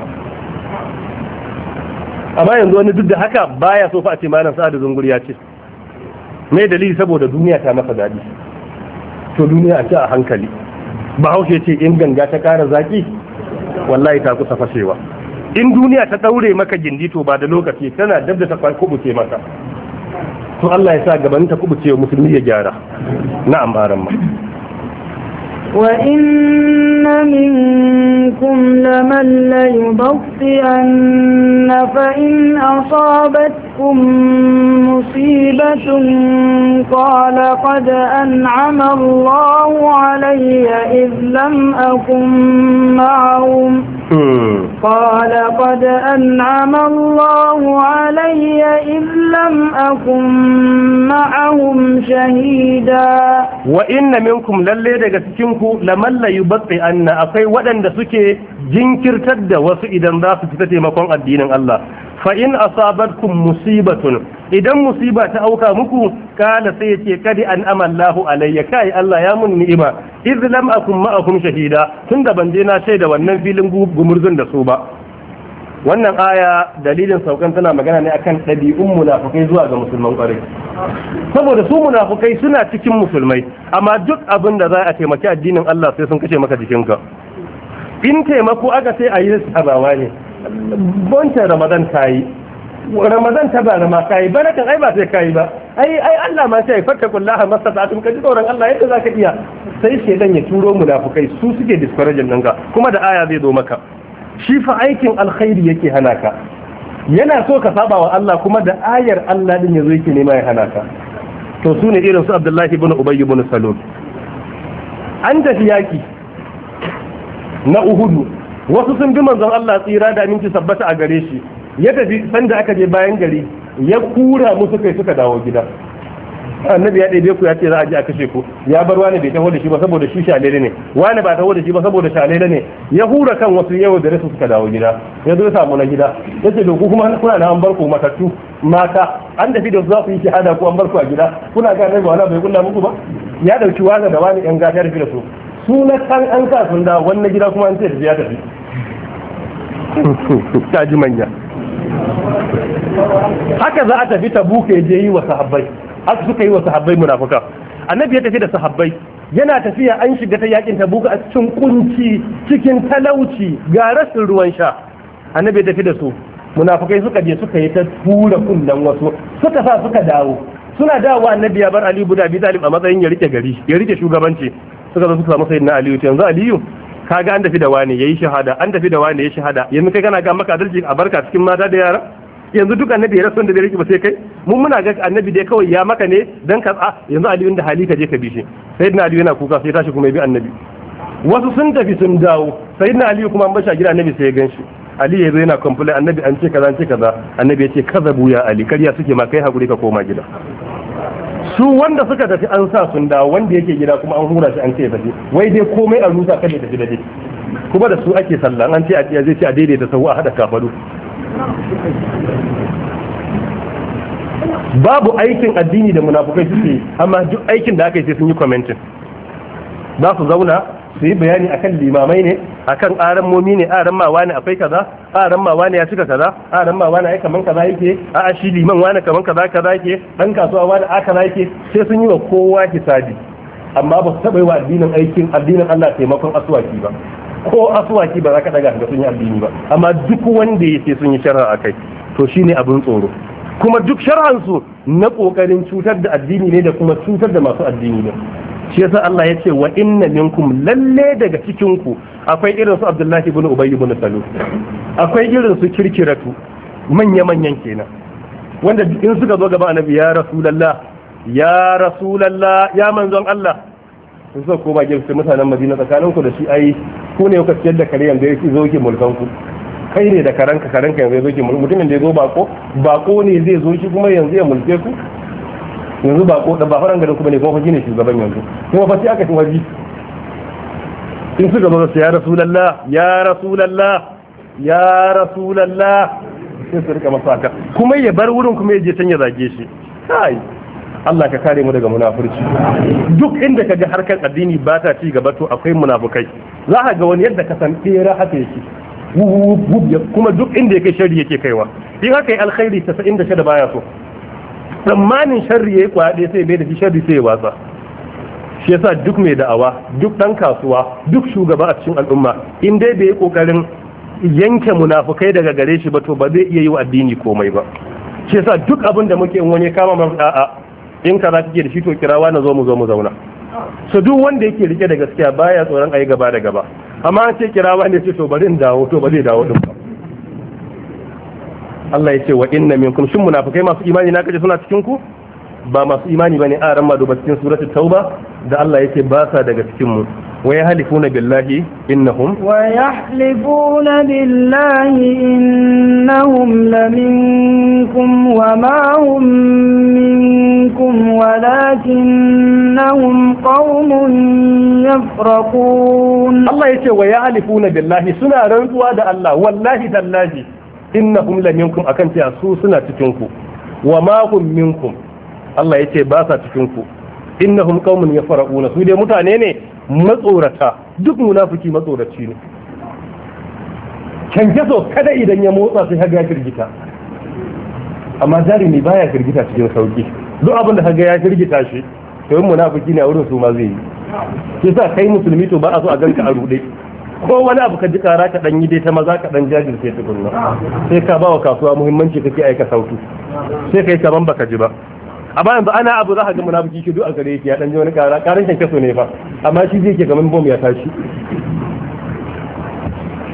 amma yanzu wani duk da haka baya so fa a ce malam sa'adu zunguri ya ce me dalili saboda duniya ta masa dadi to duniya a ce a hankali bahaushe ce in ganga ta kara zaki wallahi ta kusa fashewa in duniya ta daure maka gindi to ba da lokaci tana dabda ta kubuce maka to Allah ya sa gaban ta kubuce musulmi ya gyara na'am aran ma وإن منكم لمن ليبطئن فإن أصابتكم مصيبة قال قد أنعم الله علي إذ لم أكن معهم قال قد أنعم الله علي إذ لم أكن معهم شهيدا وإن منكم للي دقتكنكو لمن لا يبطئ أن أقوي ودن دسكي jinkirtar da wasu idan za su fita taimakon addinin Allah fa in asabatkum musibatun idan musiba ta auka muku kala sai yace kadi an amallahu alayya kai Allah ya mun ni'ima iz lam akum ma'akum shahida tunda ban je na sai da wannan filin gumurzun da su ba wannan aya dalilin saukan tana magana ne akan ɗabi'un munafukai zuwa ga musulman ƙwarai saboda su munafukai suna cikin musulmai amma duk abin da za a taimaki addinin Allah sai sun kashe maka jikinka in taimako aka sai a yi sabawa ne wancan ramadan ta yi ramadan ta bara ma kayi bana kan ai ba sai yi ba ai ai Allah ma sai fatta kullaha tun kaji tsoron Allah yadda zaka iya sai shedan ya turo munafukai su suke discourage nan ga kuma da aya zai zo maka shi fa aikin alkhairi yake hana ka yana so ka saba wa Allah kuma da ayar Allah din yazo yake nema ya hana ka to su ne irin su Abdullahi ibn Ubay ibn Salul an tafi yaki na Uhudu wasu sun bi manzon Allah tsira da aminci sabbata a gare shi ya tafi sanda aka je bayan gari ya kura musu kai suka dawo gida annabi ya ɗebe ku ya ce za a je a kashe ku ya bar wani bai taho da shi ba saboda shi shalele ne wani ba taho da shi ba saboda shalele ne ya hura kan wasu yau da rasu suka dawo gida ya zo samu na gida ya ce doku kuma kuna da an bar ku matattu mata an tafi da su za ku yi shahada ku an bar ku a gida kuna ga annabi wala bai kula muku ba ya ɗauki waza da wani yan gata da su su na kan an sa sun da wannan gida kuma an ce tafi ya tafi ta ji manya haka za a tafi ta buke je yi wa sahabbai haka suka yi wa sahabbai munafuka annabi ya tafi da sahabbai yana tafiya an shiga ta yakin tabuka a cikin kunci cikin talauci ga rasin ruwan sha annabi ya tafi da su munafukai suka je suka yi ta tura kunnen wasu suka sa suka dawo suna dawo annabi ya bar ali ibn abi talib a matsayin ya rike gari ya rike shugabanci suka zo suka samu sayyidina aliyu yanzu aliyu kaga an tafi da wani yayi shahada an tafi da wani yayi shahada yanzu kai kana ga maka adalci a barka cikin mata da yara yanzu duk annabi ya rasu da bai rike ba sai kai mun muna ga annabi dai kawai ya maka ne dan ka a yanzu aliyu da hali ka je ka bi shi sayyidina aliyu yana kuka sai tashi kuma ya bi annabi wasu sun tafi sun dawo sayyidina aliyu kuma an bashi a gida annabi sai ya ganshi ali ya zo yana complain annabi an ce kaza an ce kaza annabi ya ce kaza buya ali karya suke ma kai hakuri ka koma gida su wanda suka tafi an sa sun dawo wanda yake gida kuma an hura shi an ce tafi wai dai komai a rusa kada tafi daidai kuma da su ake sallah an ce a zai ce a daidaita sahu a hada kafaru babu aikin addini da munafukai suke amma duk aikin da aka yi sai sun yi commenting za su zauna su yi bayani akan limamai ne akan aran momi ne aran ma wani akwai kaza aran ma wani ya cika kaza aran ma wani ai kaman kaza yake a a shi liman wani kaman kaza kaza yake dan kasuwa wani a kaza yake sai sun yi wa kowa hisabi amma ba su taba yi wa addinin aikin addinin Allah taimakon asuwaki ba ko asuwaki ba za ka daga sun yi addini ba amma duk wanda ya sai sun yi shar'a akai to shine abin tsoro kuma duk shar'ansu na kokarin cutar da addini ne da kuma cutar da masu addini ne shi yasa Allah ya ce wa inna minkum lalle daga cikin ku akwai irin su Abdullahi ibn Ubay ibn Salul akwai irin su kirkiratu manya manyan kenan wanda in suka zo gaba annabi ya rasulullah ya rasulullah ya manzon Allah sun so ko ba su mutanen Madina tsakanin ku da shi ai ku ne kuka ciyar da kare yanzu yake zo ki mulkan ku kai ne da karanka karanka yanzu yake mulkan mutumin da ya zo bako bako ne zai zo shi kuma yanzu ya mulke ku yanzu ba ko ba faran garin kuma ne kuma fashi ne gaban yanzu kuma sai aka yi waji in su gaba su ya rasulullah ya rasulullah ya rasulullah sai su rika masa haka kuma ya bar wurin kuma ya je can ya zage shi kai Allah ka kare mu daga munafurci duk inda ka ga harkar addini ba ta ci gaba to akwai munafukai za ka ga wani yadda ka san tsira haka yake kuma duk inda yake kai shari yake kaiwa in haka yi alkhairi 96 baya so tsammanin sharri ya yi kwaɗe sai mai da shi sharri sai ya watsa shi yasa duk mai da'awa duk ɗan kasuwa duk shugaba a cikin al'umma in dai bai yi ƙoƙarin yanke munafukai daga gare shi ba to ba zai iya yi wa addini komai ba shi yasa duk abin da muke wani kama mafi a'a in ka za kike da shi to kirawa na zo mu zo mu zauna so duk wanda yake rike da gaskiya baya tsoron a yi gaba da gaba amma an ce kirawa ne ce to bari in dawo to ba zai dawo din ba Allah ya ce wa inna minkum shin munafikai masu imani na kaje suna cikin ku ba masu imani bane a ramma duba cikin suratul tauba da Allah ya ce ba sa daga cikin mu wa yahlifuna billahi innahum wa yahlifuna billahi innahum laminkum wa ma hum minkum walakinnahum qaumun yafraqun Allah ya ce wa yahlifuna billahi suna rantsuwa da Allah wallahi tallahi hum la minkum akan cewa su suna cikin ku wa ma hum minkum Allah yace ba sa cikin ku innahum qaumun yafraquna su dai mutane ne matsorata duk munafiki matsoraci ne canjazo kada idan ya motsa sai haga ya firgita amma jarumi baya firgita cikin sauki duk abin da haga ya firgita shi to yin munafiki ne a wurin su ma zai yi yasa kai musulmi to ba a so a ganka a rude ko wani abu ka ji kara ka dan yi dai ta maza ka dan jajirce tukunna sai ka ba wa kasuwa muhimmanci kake aika sautu sai kai kaman baka ji ba amma yanzu ana abu za ka ga munafiki shi duk a gare shi ya dan ji wani kara karan shan kaso ne fa amma shi zai ke mun bom ya tashi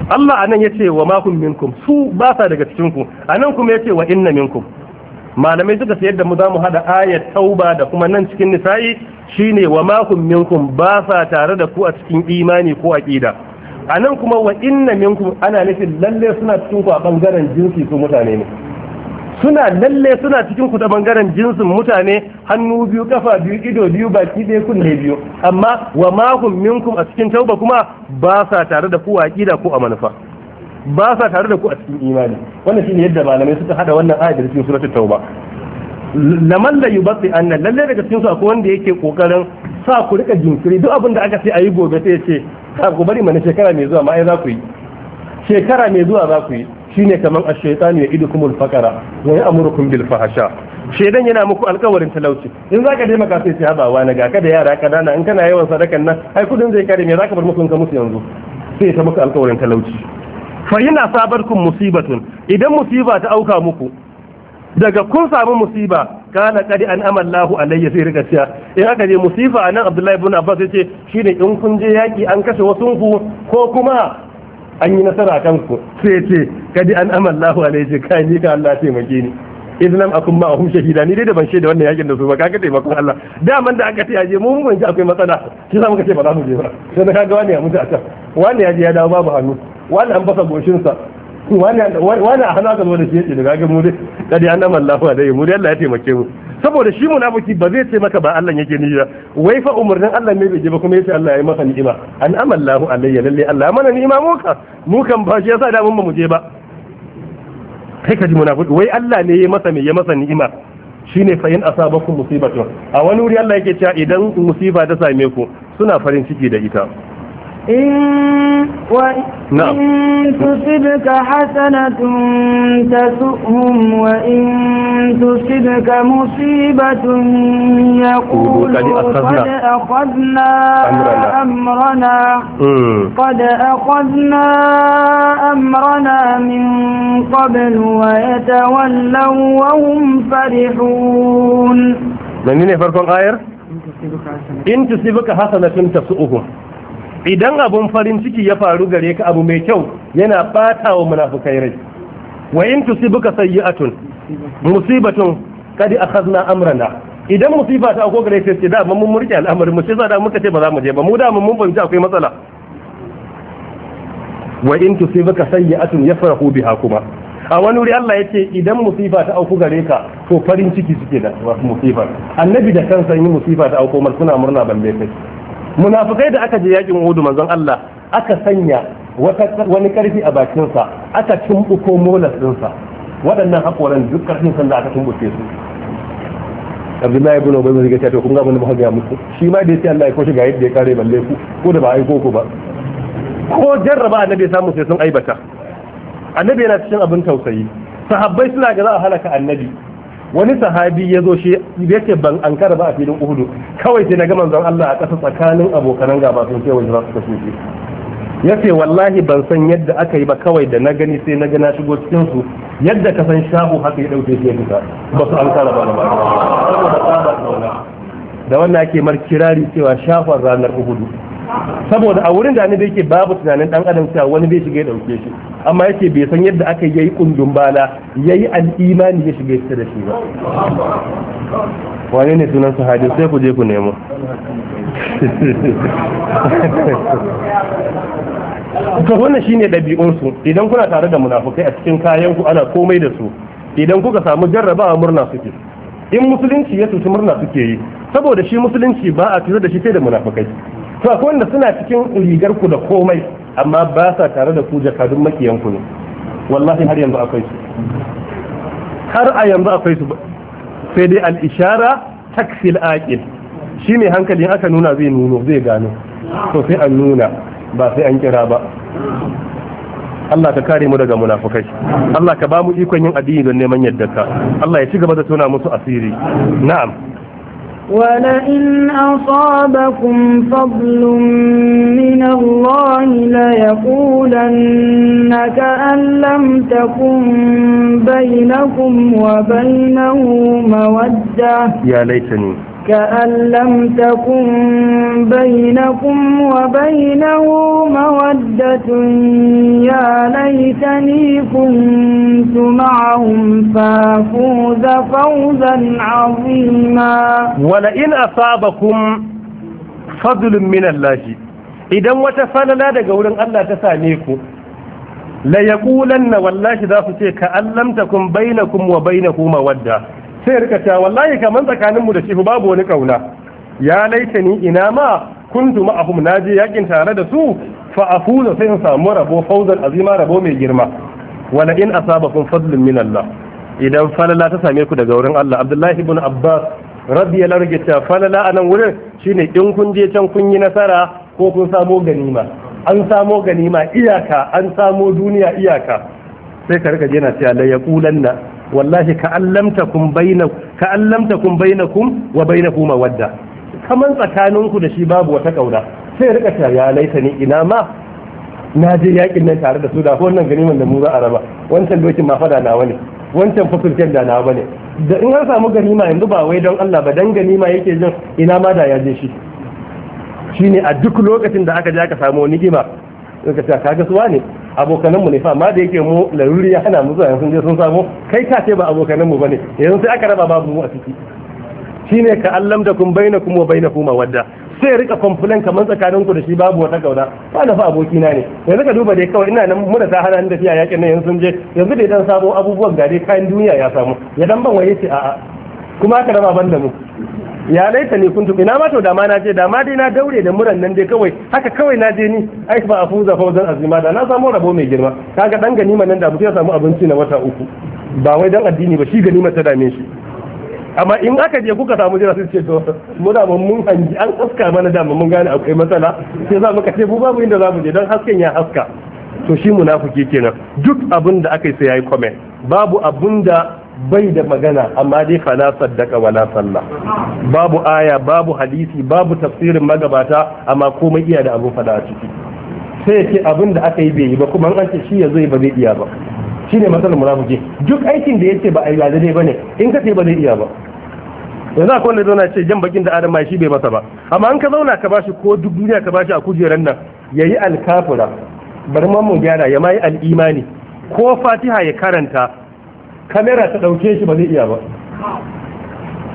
Allah anan ya ce wa kun minkum su ba sa daga cikin ku anan kuma ya ce wa inna minkum malamai suka sayar da mu za mu hada ayat tauba da kuma nan cikin nisa'i shine wa kun minkum ba sa tare da ku a cikin imani ko aqida a nan kuma wa inna minkum ana nufin lalle suna cikin ku a bangaren jinsi su mutane ne suna lalle suna cikin ku da bangaren jinsin mutane hannu biyu kafa biyu ido biyu baki ɗaya kunne biyu amma wa hum minkum a cikin tauba kuma ba sa tare da ku a ƙida ko a manufa ba sa tare da ku a cikin imani wannan shine yadda malamai suka hada wannan ayat da cikin suratul tauba laman la yubati anna lalle daga cikin su akwai wanda yake kokarin sa ku rika jinkiri duk abin da aka ce a yi gobe sai ce ka ku bari mana shekara mai zuwa ma ai za ku yi shekara mai zuwa za ku yi shine kaman ash-shaytanu ya'idukumul faqara wa ya'murukum bil fahsha shedan yana muku alƙawarin talauci in zaka ka maka sai sai habawa na ga ka da yara dana in kana yawan sadakan nan ai kudin zai kare me za ka bar musu in ka musu yanzu sai ta muku alƙawarin talauci fa yana sabarkum musibatun idan musiba ta auka muku daga kun samu musiba kana kadi an amallahu alayya sai riga cewa in aka je musifa anan abdullahi ibn abbas yace shine in kun je yaki an kashe wasu ku ko kuma an yi nasara kan ku sai ce kadi an amallahu alayhi kai ni ka Allah maki ni idan akun ma ahum shahida ni dai da ban shaida wannan yakin da su ba kaga taimakon Allah daman da aka tiyaje mu mun ji akwai matsala shi za mu kace ba za mu je ba sai kaga wani ya mutu a can wani ya je ya dawo babu hannu wani an fasa goshin sa wani a hana ka zo da shi yace daga ga mu dai kadi an nama Allah da mu dai Allah ya taimake mu saboda shi munafiki ba zai ce maka ba Allah yake ni ya wai fa umurnin Allah ne bai ba kuma yace Allah ya yi maka ni'ima an amallahu alayya lalle Allah mana ni'ima mu ka mu kan ba shi yasa da mun ba mu je ba kai ka ji munafiki wai Allah ne ya masa me ya masa ni'ima shine fa in asabakum musibatun a wani wuri Allah yake cewa idan musiba ta same ku suna farin ciki da ita in نعم. وإن تصبك حسنة تسؤهم وإن تصبك مصيبة يقولوا قد أخذنا أمرنا قد أخذنا أمرنا من قبل ويتولوا وهم فرحون من فرق غير إن تصبك حسنة تسؤهم idan abun farin ciki ya faru gare ka abu mai kyau yana bata wa munafukai rai wa in tusibuka sayyi'atun musibatun kad akhadna amrana idan musiba ta ko gare sai da mun murke al'amarin mu sai za da muka ce ba za mu je ba mu da mun fahimci akwai matsala wa in tusibuka sayyi'atun yafrahu biha kuma a wani wuri Allah ya ce idan musifa ta auku gare ka to farin ciki suke da musifa annabi da kansa yin musifa ta auku mar suna murna bai kai munafikai da aka je yakin hudu manzon Allah aka sanya wani karfi a bakinsa aka tumbuko molas ɗinsa waɗannan haƙoran duk karfin sanda aka tumbuke su abdullahi ibn ubay bin gata to kun ga mun ba ga muku shi ma da yace Allah ya koshi ga yadda ya kare balle ku ko da ba ai koko ba ko jarraba annabi samu sai sun aibata annabi yana cikin abin tausayi sahabbai suna ga za a halaka annabi wani sahabi ya zo shi yake ban an ba a filin uhudu kawai sai na ga manzon Allah a ƙasa tsakanin abokanan gaba sun ce wani su kashe ya ce wallahi ban san yadda aka yi ba kawai da na gani sai na gana shigo cikin su yadda ka san shahu haka ya dauke shi ya fita ba su an kara ba da wannan ake mar kirari cewa shafan ranar uhudu saboda a wurin da da yake babu tunanin dan adam cewa wani zai shiga ya dauke shi amma yake bai san yadda aka yi kundun bala yayi al'imani ya shiga ya da shi ba Wani ne sunan sahabi sai ku je ku nemo to wannan shine ɗabi'unsu idan kuna tare da munafukai a cikin kayan ku ana komai da su idan kuka samu jarrabawa murna suke in musulunci ya tutu murna suke yi saboda shi musulunci ba a tuzo da shi sai da munafukai to akwai wanda suna cikin rigar ku da komai amma ba sa tare da ku jakadun makiyan ku ne wallahi har yanzu akwai su har a yanzu akwai su sai dai al-ishara taksil aqil shi ne hankali aka nuna zai nuno zai gano to sai an nuna ba sai an kira ba Allah ka kare mu daga munafukai Allah ka ba mu ikon yin addini don neman yadda Allah ya ci gaba da tona musu asiri na'am ولئن أصابكم فضل من الله ليقولن كأن لم تكن بينكم وبينه مودة يا ليتني كأن لم تكن بينكم وبينه مودة يا ليتني كنت معهم فافوز فوزا عظيما ولئن أصابكم فضل من الله idan wata falala daga wurin Allah ta same ku la yaqulanna wallahi za su ce ka allamtakum sai rika ta wallahi kaman tsakaninmu da shi babu wani kauna ya laita ni ina ma Kun hum na je yakin tare da su fa afuza sai in samu rabo fauzan azima rabo mai girma wala in kun fadlun min Allah idan falala ta same ku daga wurin Allah Abdullahi ibn Abbas radiyallahu anhu ta falala anan wurin shine in kun je can kun yi nasara ko kun samo ganima an samo ganima iyaka an samo duniya iyaka sai ka rika je na cewa la na. wallahi ka allamtakum bainakum ka allamtakum bainakum wa bainahu mawadda Kamar tsakaninku da shi babu wata kauna sai rika ta ya ni ina ma na je yakin nan tare da su da wannan ganiman da mu za a raba wancan lokacin ma fada nawa ne wancan fasulken da nawa ne da in an samu ganima yanzu ba wai don Allah ba dan ganima yake jin ina ma da ya je shi shine a duk lokacin da aka je aka samu ni'ima ka ce ga suwa ne abokananmu ne fa amma da yake mu laruri ya hana mu zuwa sun je sun samu kai ka ce ba mu bane yanzu sai aka raba babu mu a ciki shine ka allam da kun baina kuma baina kuma wadda sai rika kwamfulan kamar ku da shi babu wata kauna ba na fa na ne yanzu ka duba dai kawai ina nan muna ta hana fiya yakin nan yanzu sun je yanzu dai dan samo abubuwan gare kayan duniya ya samu ya dan ban waye ce a'a kuma aka raba ban da mu ya laita ne kun ina na mato da ma na je da ma dai na daure da muran nan dai kawai haka kawai na je ni ai ba a fuza fauzan azima da na samu rabo mai girma kaga dan ganima nan da abu ya samu abinci na wata uku ba wai dan addini ba shi ganima ta dame shi amma in aka je kuka samu jira sai ce to mu da mun hangi an haska mana da mun gane akwai matsala sai za mu kace mu babu inda za mu je dan hasken ya haska to shi munafiki kenan duk abin da aka yi sai yayi comment babu abin da bai da magana amma dai fala saddaka wala salla babu aya babu hadisi babu tafsirin magabata amma komai iya da abu fada a ciki sai ce abin da aka yi bai yi ba kuma an ce shi ya ba zai iya ba shine matsalar munafiki duk aikin da yace ba a yi ba daidai bane in ka ce ba zai iya ba yanzu akwai wanda zauna ce jan bakin da adama shi bai masa ba amma an ka zauna ka bashi ko duk duniya ka bashi a kujerar nan yayi alkafira bari mu gyara ya mai al'imani ko fatiha ya karanta kamera ta ɗauke shi ba zai iya ba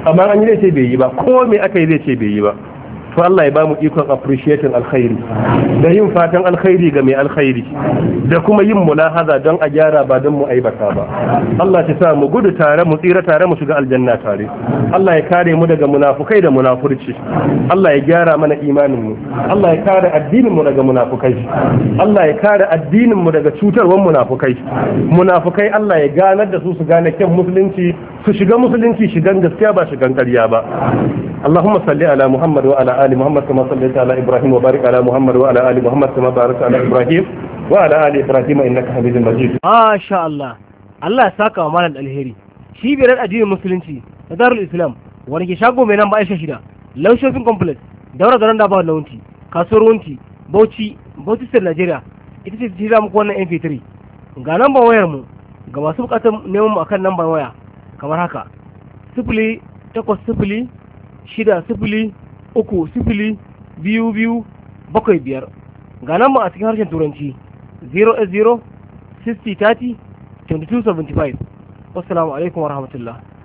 amma an yi zai ce bai yi ba ko me aka yi zai ce bai yi ba to Allah ya bamu ikon appreciating alkhairi da yin fatan alkhairi ga mai alkhairi da kuma yin mulahaza don a gyara ba don mu aibata ba Allah ya sa mu gudu tare mu tsira tare mu shiga aljanna tare Allah ya kare mu daga munafukai da munafurci Allah ya gyara mana imanin mu Allah ya kare addinin mu daga munafukai Allah ya kare addinin mu daga cutarwar munafukai munafukai Allah ya ganar da su su gane kyan musulunci su shiga musulunci shigan gaskiya ba shigan ƙarya ba Allahumma salli ala Muhammad wa ala ال allah كما صليت على wa وبارك على محمد وعلى cibiyar addinin musulunci da darul islam wani ke shago mai nan ba aisha shida laushofin complex daura garin da ba launci kasuwar wunti bauchi bauchi da nigeria ita ce ta muku wannan mp3 ga namban wayar mu ga masu bukatar neman mu akan namban waya kamar haka sifili takwas sifili shida sifili uku sifili biyu biyu bakwai biyar ga nan a cikin harshen turanci 0x0, 60 30 22-75. 2275 wassalamu alaikum warahmatullahi